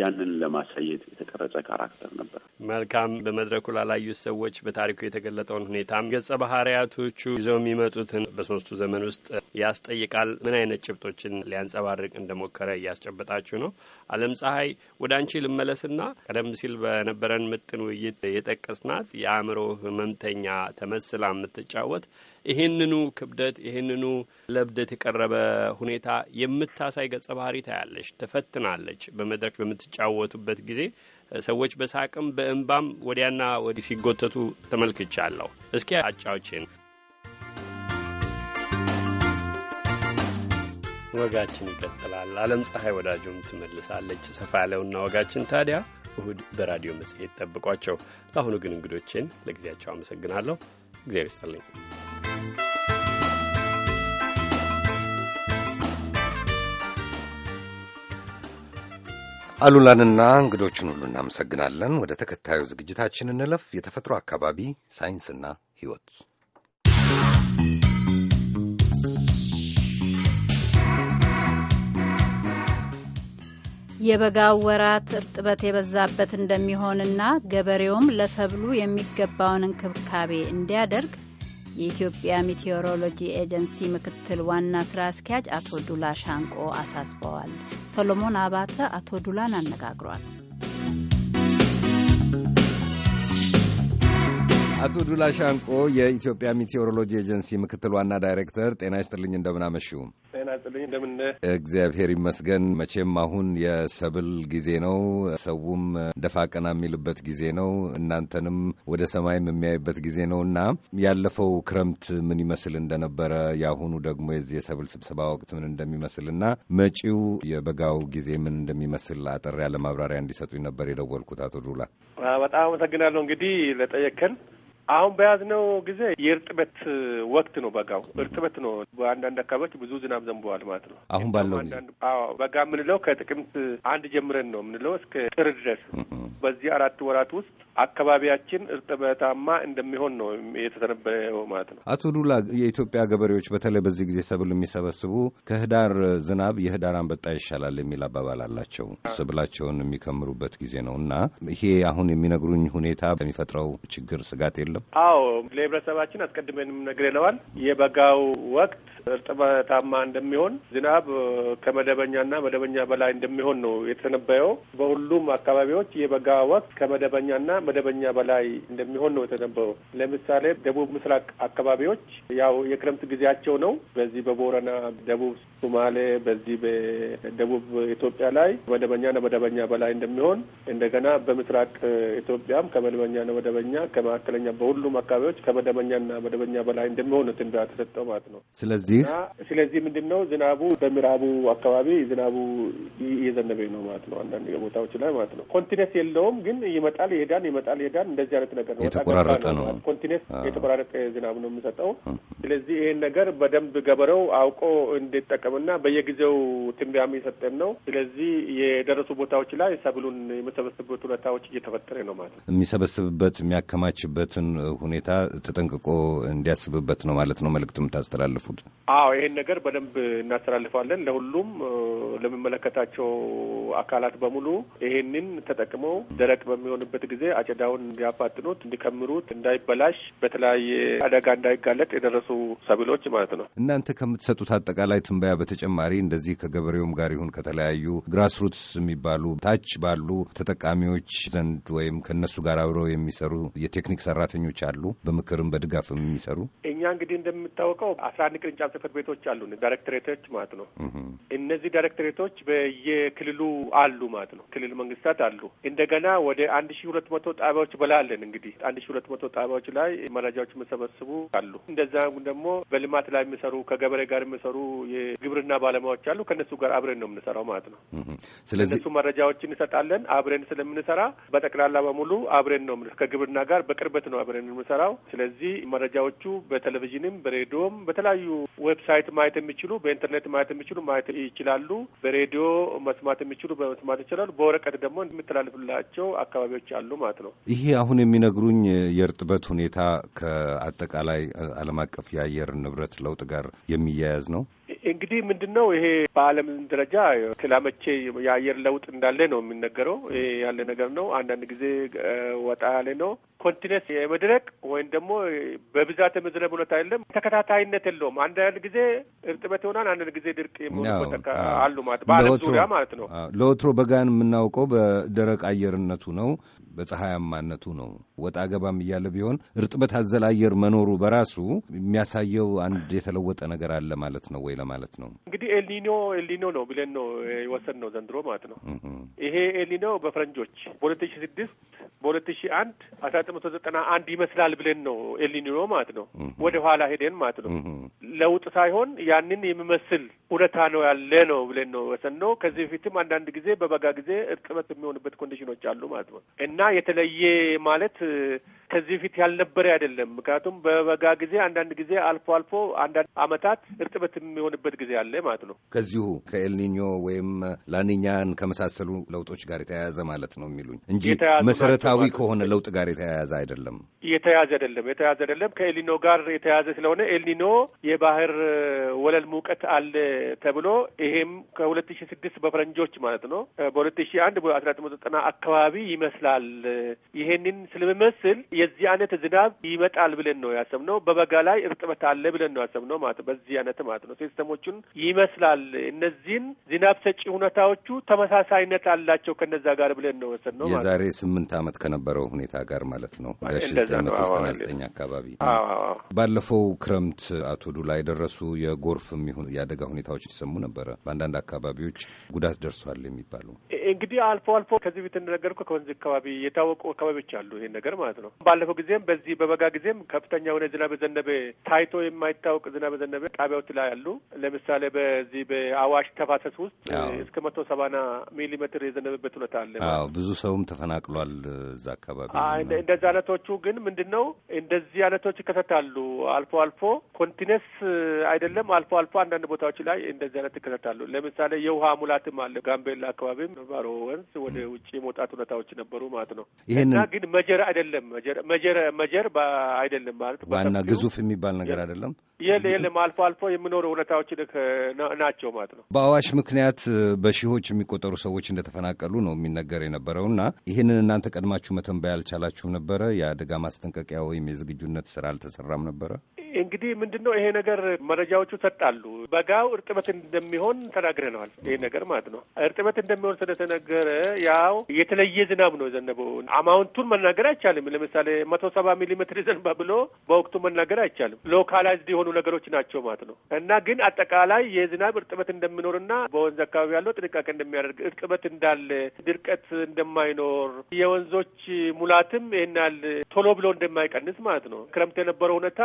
ያንን ለማሳየት የተቀረጸ ካራክተር ነበር። መልካም። በመድረኩ ላላዩት ሰዎች በታሪኩ የተገለጠውን ሁኔታም ገጸ ባህሪያቶቹ ይዘው የሚመጡትን በሶስቱ ዘመን ውስጥ ያስጠይቃል። ምን አይነት ጭብጦችን ሊያንጸባርቅ እንደሞከረ እያስጨበጣችሁ ነው። አለም ፀሐይ ወደ አንቺ ልመለስና ቀደም ሲል በነበረን ምጥን ውይይት የጠቀስናት የአእምሮ ህመምተኛ ተመስላ የምትጫወት ይህንኑ ክብደት ይህንኑ ለብደት የቀረበ ሁኔታ የምታሳይ ገጸ ባህሪ ታያለች፣ ትፈትናለች በመድረክ በምት በምትጫወቱበት ጊዜ ሰዎች በሳቅም በእንባም ወዲያና ወዲህ ሲጎተቱ ተመልክቻለሁ። እስኪ አጫዎችን ወጋችን ይቀጥላል። አለም ፀሐይ ወዳጆም ትመልሳለች። ሰፋ ያለውና ወጋችን ታዲያ እሁድ በራዲዮ መጽሔት ጠብቋቸው። ለአሁኑ ግን እንግዶችን ለጊዜያቸው አመሰግናለሁ። እግዚአብሔር ይስጥልኝ። አሉላንና እንግዶችን ሁሉ እናመሰግናለን። ወደ ተከታዩ ዝግጅታችን እንለፍ። የተፈጥሮ አካባቢ፣ ሳይንስና ሕይወት የበጋው ወራት እርጥበት የበዛበት እንደሚሆንና ገበሬውም ለሰብሉ የሚገባውን እንክብካቤ እንዲያደርግ የኢትዮጵያ ሚቴዎሮሎጂ ኤጀንሲ ምክትል ዋና ስራ አስኪያጅ አቶ ዱላ ሻንቆ አሳስበዋል። ሰሎሞን አባተ አቶ ዱላን አነጋግሯል። አቶ ዱላ ሻንቆ የኢትዮጵያ ሚቴዎሮሎጂ ኤጀንሲ ምክትል ዋና ዳይሬክተር፣ ጤና ይስጥልኝ። እንደምናመሹ። ጤና ይስጥልኝ። እንደምን እግዚአብሔር ይመስገን። መቼም አሁን የሰብል ጊዜ ነው። ሰውም ደፋ ቀና የሚልበት ጊዜ ነው። እናንተንም ወደ ሰማይም የሚያይበት ጊዜ ነው እና ያለፈው ክረምት ምን ይመስል እንደነበረ የአሁኑ ደግሞ የዚህ የሰብል ስብሰባ ወቅት ምን እንደሚመስል እና መጪው የበጋው ጊዜ ምን እንደሚመስል አጠር ያለ ማብራሪያ እንዲሰጡኝ ነበር የደወልኩት። አቶ ዱላ በጣም አመሰግናለሁ እንግዲህ ለጠየከን አሁን በያዝነው ጊዜ የእርጥበት ወቅት ነው። በጋው እርጥበት ነው። በአንዳንድ አካባቢዎች ብዙ ዝናብ ዘንበዋል ማለት ነው። አሁን ባለው በጋ የምንለው ከጥቅምት አንድ ጀምረን ነው የምንለው እስከ ጥር ድረስ። በዚህ አራት ወራት ውስጥ አካባቢያችን እርጥበታማ እንደሚሆን ነው የተተነበየው ማለት ነው። አቶ ዱላ፣ የኢትዮጵያ ገበሬዎች በተለይ በዚህ ጊዜ ሰብል የሚሰበስቡ ከህዳር ዝናብ የህዳር አንበጣ ይሻላል የሚል አባባል አላቸው። ሰብላቸውን የሚከምሩበት ጊዜ ነው እና ይሄ አሁን የሚነግሩኝ ሁኔታ የሚፈጥረው ችግር ስጋት የለ አይደለም? አዎ ለህብረተሰባችን አስቀድመንም ነግረነዋል። የበጋው ወቅት እርጥበታማ እንደሚሆን፣ ዝናብ ከመደበኛና መደበኛ በላይ እንደሚሆን ነው የተነበየው። በሁሉም አካባቢዎች የበጋ ወቅት ከመደበኛና መደበኛ በላይ እንደሚሆን ነው የተነበየው። ለምሳሌ ደቡብ ምስራቅ አካባቢዎች ያው የክረምት ጊዜያቸው ነው። በዚህ በቦረና ደቡብ ሶማሌ፣ በዚህ በደቡብ ኢትዮጵያ ላይ መደበኛና መደበኛ በላይ እንደሚሆን እንደገና በምስራቅ ኢትዮጵያም ከመደበኛና መደበኛ ከመካከለኛ በሁሉም አካባቢዎች ከመደበኛና መደበኛ በላይ እንደሚሆን ትንበያ ተሰጠው ማለት ነው። ስለዚህ ስለዚህ ስለዚህ ምንድን ነው ዝናቡ በምዕራቡ አካባቢ ዝናቡ እየዘነበ ነው ማለት ነው። አንዳንድ ቦታዎች ላይ ማለት ነው። ኮንቲነስ የለውም ግን ይመጣል ይሄዳል፣ ይመጣል ይሄዳል። እንደዚህ አይነት ነገር ነው። የተቆራረጠ ነው። ኮንቲነስ የተቆራረጠ ዝናብ ነው የምሰጠው ስለዚህ ይሄን ነገር በደንብ ገበሬው አውቆ እንዲጠቀምና በየጊዜው ትንቢያም የሚሰጠን ነው። ስለዚህ የደረሱ ቦታዎች ላይ ሰብሉን የመሰበስብበት ሁኔታዎች እየተፈጠረ ነው ማለት ነው። የሚሰበስብበት የሚያከማችበትን ሁኔታ ተጠንቅቆ እንዲያስብበት ነው ማለት ነው መልእክቱ የምታስተላልፉት። አዎ ይሄን ነገር በደንብ እናስተላልፈዋለን ለሁሉም ለሚመለከታቸው አካላት በሙሉ ይሄንን ተጠቅመው ደረቅ በሚሆንበት ጊዜ አጨዳውን እንዲያፋጥኑት፣ እንዲከምሩት፣ እንዳይበላሽ፣ በተለያየ አደጋ እንዳይጋለጥ የደረሱ ሰብሎች ማለት ነው። እናንተ ከምትሰጡት አጠቃላይ ትንበያ በተጨማሪ እንደዚህ ከገበሬውም ጋር ይሁን ከተለያዩ ግራስሩትስ የሚባሉ ታች ባሉ ተጠቃሚዎች ዘንድ ወይም ከእነሱ ጋር አብረው የሚሰሩ የቴክኒክ ሰራተኞች አሉ፣ በምክርም በድጋፍ የሚሰሩ እኛ እንግዲህ እንደሚታወቀው አስራ አንድ ቅርንጫፍ ጽህፈት ቤቶች አሉ፣ ዳይሬክትሬቶች ማለት ነው። እነዚህ ዳይሬክትሬቶች በየክልሉ አሉ ማለት ነው። ክልል መንግስታት አሉ። እንደገና ወደ አንድ ሺ ሁለት መቶ ጣቢያዎች በላለን እንግዲህ አንድ ሺ ሁለት መቶ ጣቢያዎች ላይ መረጃዎች የሚሰበስቡ አሉ። እንደዛ ደግሞ በልማት ላይ የሚሰሩ ከገበሬ ጋር የሚሰሩ የግብርና ባለሙያዎች አሉ። ከእነሱ ጋር አብረን ነው የምንሰራው ማለት ነው። ስለዚህ እነሱ መረጃዎች እንሰጣለን። አብረን ስለምንሰራ በጠቅላላ በሙሉ አብረን ነው ከግብርና ጋር በቅርበት ነው አብረን የምንሰራው። ስለዚህ መረጃዎቹ በቴሌቪዥንም በሬዲዮም በተለያዩ ዌብሳይት ማየት የሚችሉ በኢንተርኔት ማየት የሚችሉ ማየት ይችላሉ። በሬዲዮ መስማት የሚችሉ በመስማት ይችላሉ። በወረቀት ደግሞ የሚተላልፍላቸው አካባቢዎች አሉ ማለት ነው። ይሄ አሁን የሚነግሩኝ የእርጥበት ሁኔታ ከአጠቃላይ ዓለም አቀፍ የአየር ንብረት ለውጥ ጋር የሚያያዝ ነው። እንግዲህ ምንድን ነው ይሄ በዓለም ደረጃ ክላመቼ የአየር ለውጥ እንዳለ ነው የሚነገረው። ያለ ነገር ነው። አንዳንድ ጊዜ ወጣ ያለ ነው። ኮንቲነስ የመድረቅ ወይም ደግሞ በብዛት የመዝነብ ሁኔታ የለም። ተከታታይነት የለውም። አንዳንድ ጊዜ እርጥበት ይሆናል፣ አንዳንድ ጊዜ ድርቅ አሉ ማለት በዓለም ዙሪያ ማለት ነው። ለወትሮ በጋን የምናውቀው በደረቅ አየርነቱ ነው፣ በፀሐያማነቱ ነው። ወጣ ገባም እያለ ቢሆን እርጥበት አዘል አየር መኖሩ በራሱ የሚያሳየው አንድ የተለወጠ ነገር አለ ማለት ነው ወይ ለማለት ማለት ነው። እንግዲህ ኤልኒኖ ኤልኒኖ ነው ብለን ነው የወሰድ ነው ዘንድሮ ማለት ነው። ይሄ ኤልኒኖ በፈረንጆች በሁለት ሺ ስድስት በሁለት ሺ አንድ አስራ ዘጠኝ መቶ ዘጠና አንድ ይመስላል ብለን ነው ኤልኒኖ ማለት ነው። ወደ ኋላ ሄደን ማለት ነው። ለውጥ ሳይሆን ያንን የሚመስል እውነታ ነው ያለ ነው ብለን ነው ወሰን ነው። ከዚህ በፊትም አንዳንድ ጊዜ በበጋ ጊዜ እርጥበት የሚሆንበት ኮንዲሽኖች አሉ ማለት ነው እና የተለየ ማለት ከዚህ ፊት ያልነበረ አይደለም። ምክንያቱም በበጋ ጊዜ አንዳንድ ጊዜ አልፎ አልፎ አንዳንድ አመታት እርጥበት የሚሆንበት ጊዜ አለ ማለት ነው። ከዚሁ ከኤልኒኞ ወይም ላኒኛን ከመሳሰሉ ለውጦች ጋር የተያያዘ ማለት ነው የሚሉኝ እንጂ መሰረታዊ ከሆነ ለውጥ ጋር የተያያዘ አይደለም። የተያያዘ አይደለም። የተያያዘ አይደለም። ከኤልኒኖ ጋር የተያያዘ ስለሆነ ኤልኒኖ የባህር ወለል ሙቀት አለ ተብሎ ይሄም ከሁለት ሺ ስድስት በፈረንጆች ማለት ነው በሁለት ሺ አንድ በአስራ ዘጠና አካባቢ ይመስላል ይሄንን ስለሚመስል የዚህ አይነት ዝናብ ይመጣል ብለን ነው ያሰብነው። በበጋ ላይ እርጥበት አለ ብለን ነው ያሰብነው ማለት በዚህ አይነት ማለት ነው። ሲስተሞቹን ይመስላል እነዚህን ዝናብ ሰጪ ሁኔታዎቹ ተመሳሳይነት አላቸው ከነዛ ጋር ብለን ነው ወሰድነው። የዛሬ ስምንት ዓመት ከነበረው ሁኔታ ጋር ማለት ነው በሺ ዘጠኝ አካባቢ ባለፈው ክረምት አቶ ዱላ የደረሱ የጎርፍም ይሁን የአደጋ ሁኔታዎች ሲሰሙ ነበረ። በአንዳንድ አካባቢዎች ጉዳት ደርሷል የሚባሉ እንግዲህ አልፎ አልፎ ከዚህ ቤት እንደነገርኩ ከወንዝ አካባቢ የታወቁ አካባቢዎች አሉ ይሄን ነገር ማለት ነው ባለፈው ጊዜም በዚህ በበጋ ጊዜም ከፍተኛ የሆነ ዝናብ ዘነበ። ታይቶ የማይታወቅ ዝናብ ዘነበ። ጣቢያዎች ላይ አሉ። ለምሳሌ በዚህ በአዋሽ ተፋሰስ ውስጥ እስከ መቶ ሰባና ሚሊሜትር የዘነበበት ሁኔታ አለ። ብዙ ሰውም ተፈናቅሏል እዛ አካባቢ። እንደዚህ አይነቶቹ ግን ምንድን ነው እንደዚህ አይነቶች ይከሰታሉ። አልፎ አልፎ ኮንቲነስ አይደለም፣ አልፎ አልፎ አንዳንድ ቦታዎች ላይ እንደዚህ አይነት ይከሰታሉ። ለምሳሌ የውሃ ሙላትም አለ። ጋምቤላ አካባቢም ባሮ ወንዝ ወደ ውጭ መውጣት ሁኔታዎች ነበሩ ማለት ነው እና ግን መጀር አይደለም መጀ መጀር መጀር መጀር አይደለም ማለት ዋና ግዙፍ የሚባል ነገር አይደለም። የለ የለም አልፎ አልፎ የሚኖሩ እውነታዎች ናቸው ማለት ነው። በአዋሽ ምክንያት በሺዎች የሚቆጠሩ ሰዎች እንደተፈናቀሉ ነው የሚነገር የነበረውና ይህንን እናንተ ቀድማችሁ መተን አልቻላችሁም ነበረ? የአደጋ ማስጠንቀቂያ ወይም የዝግጁነት ስራ አልተሰራም ነበረ? እንግዲህ ምንድን ነው ይሄ ነገር መረጃዎቹ ሰጣሉ። በጋው እርጥበት እንደሚሆን ተናግረነዋል። ይሄ ነገር ማለት ነው እርጥበት እንደሚሆን ስለተነገረ ያው የተለየ ዝናብ ነው የዘነበው። አማውንቱን መናገር አይቻልም። ለምሳሌ መቶ ሰባ ሚሊሜትር ዘንባ ብሎ በወቅቱ መናገር አይቻልም። ሎካላይዝድ የሆኑ ነገሮች ናቸው ማለት ነው እና ግን አጠቃላይ የዝናብ እርጥበት እንደሚኖርና በወንዝ አካባቢ ያለው ጥንቃቄ እንደሚያደርግ እርጥበት እንዳለ ድርቀት እንደማይኖር የወንዞች ሙላትም ይህን ያህል ቶሎ ብሎ እንደማይቀንስ ማለት ነው። ክረምት የነበረው ሁኔታ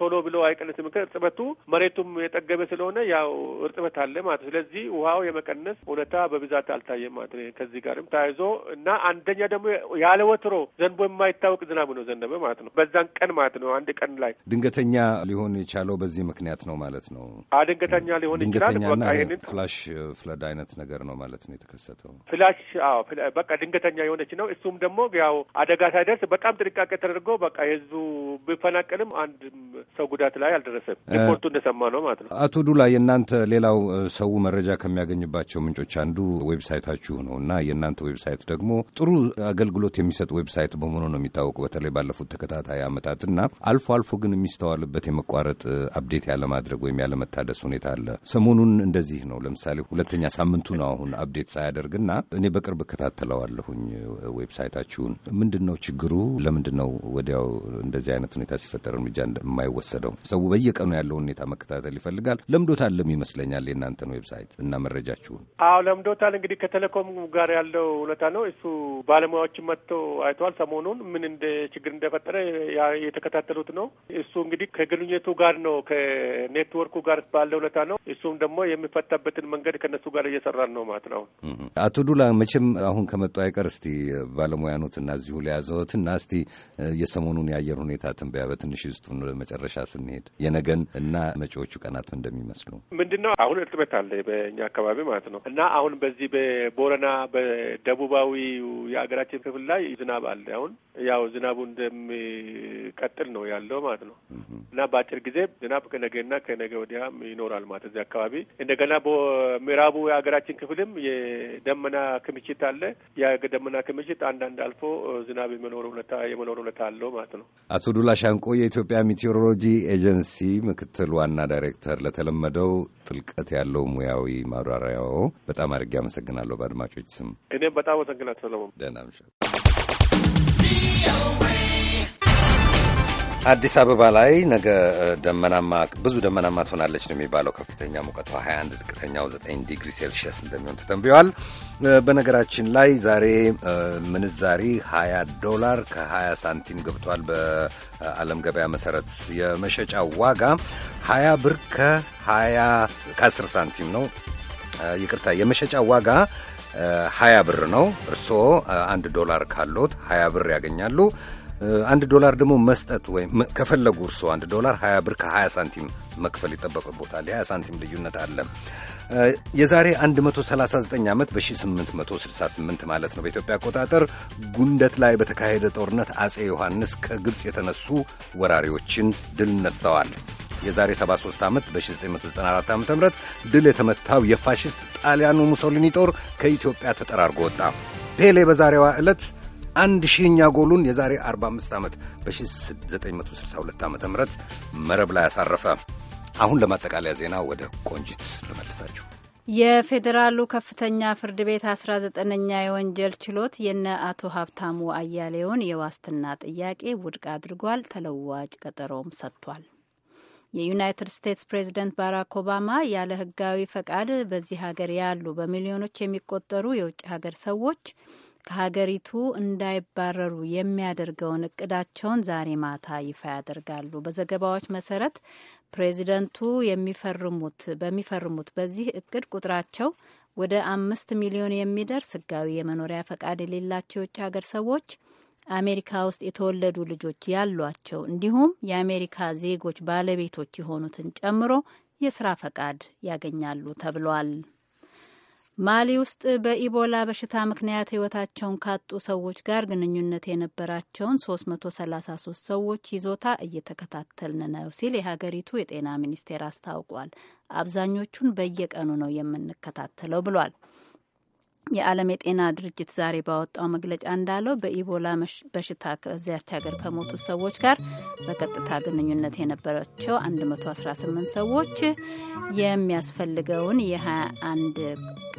ቶሎ ብሎ አይቀንስም። እርጥበቱ መሬቱም የጠገበ ስለሆነ ያው እርጥበት አለ ማለት ነው። ስለዚህ ውሃው የመቀነስ እውነታ በብዛት አልታየም ማለት ነው። ከዚህ ጋርም ተያይዞ እና አንደኛ ደግሞ ያለ ወትሮ ዘንቦ የማይታወቅ ዝናብ ነው ዘነበ ማለት ነው። በዛን ቀን ማለት ነው። አንድ ቀን ላይ ድንገተኛ ሊሆን የቻለው በዚህ ምክንያት ነው ማለት ነው። ድንገተኛ ሊሆን ይችላል። ፍላሽ ፍለድ አይነት ነገር ነው ማለት ነው የተከሰተው። ፍላሽ አዎ፣ በቃ ድንገተኛ የሆነች ነው። እሱም ደግሞ ያው አደጋ ሳይደርስ በጣም ጥንቃቄ ተደርጎ በቃ የዙ ቢፈናቀልም አንድ ሰው ጉዳት ላይ አልደረሰም። ሪፖርቱ እንደሰማ ነው ማለት ነው። አቶ ዱላ፣ የእናንተ ሌላው ሰው መረጃ ከሚያገኝባቸው ምንጮች አንዱ ዌብሳይታችሁ ነው እና የእናንተ ዌብሳይት ደግሞ ጥሩ አገልግሎት የሚሰጥ ዌብሳይት በመሆኑ ነው የሚታወቁ በተለይ ባለፉት ተከታታይ ዓመታት እና አልፎ አልፎ ግን የሚስተዋልበት የመቋረጥ አብዴት ያለማድረግ ወይም ያለመታደስ ሁኔታ አለ። ሰሞኑን እንደዚህ ነው። ለምሳሌ ሁለተኛ ሳምንቱ ነው አሁን ሳያደርግ ሳያደርግና እኔ በቅርብ እከታተለዋለሁኝ ዌብሳይታችሁን። ምንድን ነው ችግሩ? ለምንድን ነው ወዲያው እንደዚህ አይነት ሁኔታ ሲፈጠር እርምጃ የማይወ ወሰደው። ሰው በየቀኑ ያለው ሁኔታ መከታተል ይፈልጋል። ለምዶታልም ይመስለኛል የእናንተን ዌብሳይት እና መረጃችሁን። አዎ ለምዶታል። እንግዲህ ከቴሌኮም ጋር ያለው እውነታ ነው። እሱ ባለሙያዎችን መጥቶ አይተዋል። ሰሞኑን ምን እንደ ችግር እንደፈጠረ የተከታተሉት ነው። እሱ እንግዲህ ከግንኙነቱ ጋር ነው ከኔትወርኩ ጋር ባለ እውነታ ነው። እሱም ደግሞ የሚፈታበትን መንገድ ከነሱ ጋር እየሰራን ነው ማለት ነው። አቶ ዱላ መቼም አሁን ከመጡ አይቀር እስቲ ባለሙያኖት እና እዚሁ ሊያዘወት እና እስቲ የሰሞኑን የአየር ሁኔታ ትንበያ በትንሽ ውስጡ ለመጨረ መጨረሻ ስንሄድ የነገን እና መጪዎቹ ቀናት እንደሚመስሉ ምንድን ነው አሁን እርጥበት አለ በእኛ አካባቢ ማለት ነው እና አሁን በዚህ በቦረና በደቡባዊ የሀገራችን ክፍል ላይ ዝናብ አለ። አሁን ያው ዝናቡ እንደሚቀጥል ነው ያለው ማለት ነው እና በአጭር ጊዜ ዝናብ ከነገና ከነገ ወዲያም ይኖራል ማለት እዚህ አካባቢ እንደገና በምዕራቡ የሀገራችን ክፍልም የደመና ክምችት አለ። የደመና ክምችት አንዳንድ አልፎ ዝናብ የመኖር ሁኔታ የመኖር ሁኔታ አለው ማለት ነው። አቶ ዱላ ሻንቆ የኢትዮጵያ ሚቴሮሎ ቴክኖሎጂ ኤጀንሲ ምክትል ዋና ዳይሬክተር፣ ለተለመደው ጥልቀት ያለው ሙያዊ ማብራሪያው በጣም አድርጌ አመሰግናለሁ። በአድማጮች ስም እኔም በጣም አመሰግናለሁ ሰለሞን። ደህና አዲስ አበባ ላይ ነገ ደመናማ ብዙ ደመናማ ትሆናለች ነው የሚባለው። ከፍተኛ ሙቀቷ 21፣ ዝቅተኛው 9 ዲግሪ ሴልሺየስ እንደሚሆን ተተንብዮአል። በነገራችን ላይ ዛሬ ምንዛሪ 20 ዶላር ከ20 ሳንቲም ገብቷል። በዓለም ገበያ መሰረት የመሸጫ ዋጋ 20 ብር ከ10 ሳንቲም ነው። ይቅርታ የመሸጫ ዋጋ 20 ብር ነው። እርስዎ 1 ዶላር ካሎት 20 ብር ያገኛሉ። አንድ ዶላር ደግሞ መስጠት ወይም ከፈለጉ እርስዎ አንድ ዶላር 20 ብር ከ20 ሳንቲም መክፈል ይጠበቅቦታል። የ20 ሳንቲም ልዩነት አለ። የዛሬ 139 ዓመት በ1868 ማለት ነው በኢትዮጵያ አቆጣጠር ጉንደት ላይ በተካሄደ ጦርነት አጼ ዮሐንስ ከግብፅ የተነሱ ወራሪዎችን ድል ነስተዋል። የዛሬ 73 ዓመት በ1994 ዓ ም ድል የተመታው የፋሽስት ጣሊያኑ ሙሶሊኒ ጦር ከኢትዮጵያ ተጠራርጎ ወጣ። ፔሌ በዛሬዋ ዕለት አንድ ሺህኛ ጎሉን የዛሬ 45 ዓመት በ1962 ዓ ም መረብ ላይ አሳረፈ። አሁን ለማጠቃለያ ዜና ወደ ቆንጂት ልመልሳችሁ። የፌዴራሉ ከፍተኛ ፍርድ ቤት 19ኛ የወንጀል ችሎት የነ አቶ ሀብታሙ አያሌውን የዋስትና ጥያቄ ውድቅ አድርጓል። ተለዋጭ ቀጠሮም ሰጥቷል። የዩናይትድ ስቴትስ ፕሬዚደንት ባራክ ኦባማ ያለ ህጋዊ ፈቃድ በዚህ ሀገር ያሉ በሚሊዮኖች የሚቆጠሩ የውጭ ሀገር ሰዎች ከሀገሪቱ እንዳይባረሩ የሚያደርገውን እቅዳቸውን ዛሬ ማታ ይፋ ያደርጋሉ። በዘገባዎች መሰረት ፕሬዚደንቱ የሚፈርሙት በሚፈርሙት በዚህ እቅድ ቁጥራቸው ወደ አምስት ሚሊዮን የሚደርስ ህጋዊ የመኖሪያ ፈቃድ የሌላቸው የውጭ ሀገር ሰዎች አሜሪካ ውስጥ የተወለዱ ልጆች ያሏቸው እንዲሁም የአሜሪካ ዜጎች ባለቤቶች የሆኑትን ጨምሮ የስራ ፈቃድ ያገኛሉ ተብሏል። ማሊ ውስጥ በኢቦላ በሽታ ምክንያት ህይወታቸውን ካጡ ሰዎች ጋር ግንኙነት የነበራቸውን 333 ሰዎች ይዞታ እየተከታተልን ነው ሲል የሀገሪቱ የጤና ሚኒስቴር አስታውቋል። አብዛኞቹን በየቀኑ ነው የምንከታተለው ብሏል። የዓለም የጤና ድርጅት ዛሬ ባወጣው መግለጫ እንዳለው በኢቦላ በሽታ ከዚያች ሀገር ከሞቱ ሰዎች ጋር በቀጥታ ግንኙነት የነበራቸው 118 ሰዎች የሚያስፈልገውን የ21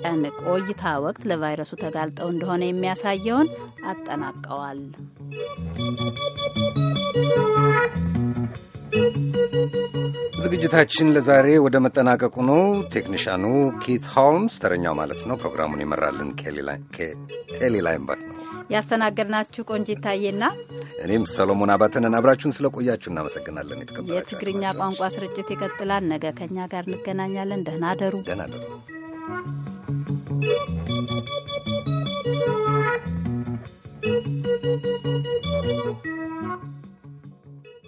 ቀን ቆይታ ወቅት ለቫይረሱ ተጋልጠው እንደሆነ የሚያሳየውን አጠናቀዋል። ዝግጅታችን ለዛሬ ወደ መጠናቀቁ ነው። ቴክኒሻኑ ኬት ሆልምስ ተረኛው ማለት ነው ፕሮግራሙን የመራልን ቴሌ ላይምባት ነው ያስተናገድናችሁ ቆንጂት ይታየና እኔም ሰሎሞን አባተንን። አብራችሁን ስለቆያችሁ እናመሰግናለን። የተከበራችሁ የትግርኛ ቋንቋ ስርጭት ይቀጥላል። ነገ ከእኛ ጋር እንገናኛለን። ደህና ደሩ። ደህና አደሩ።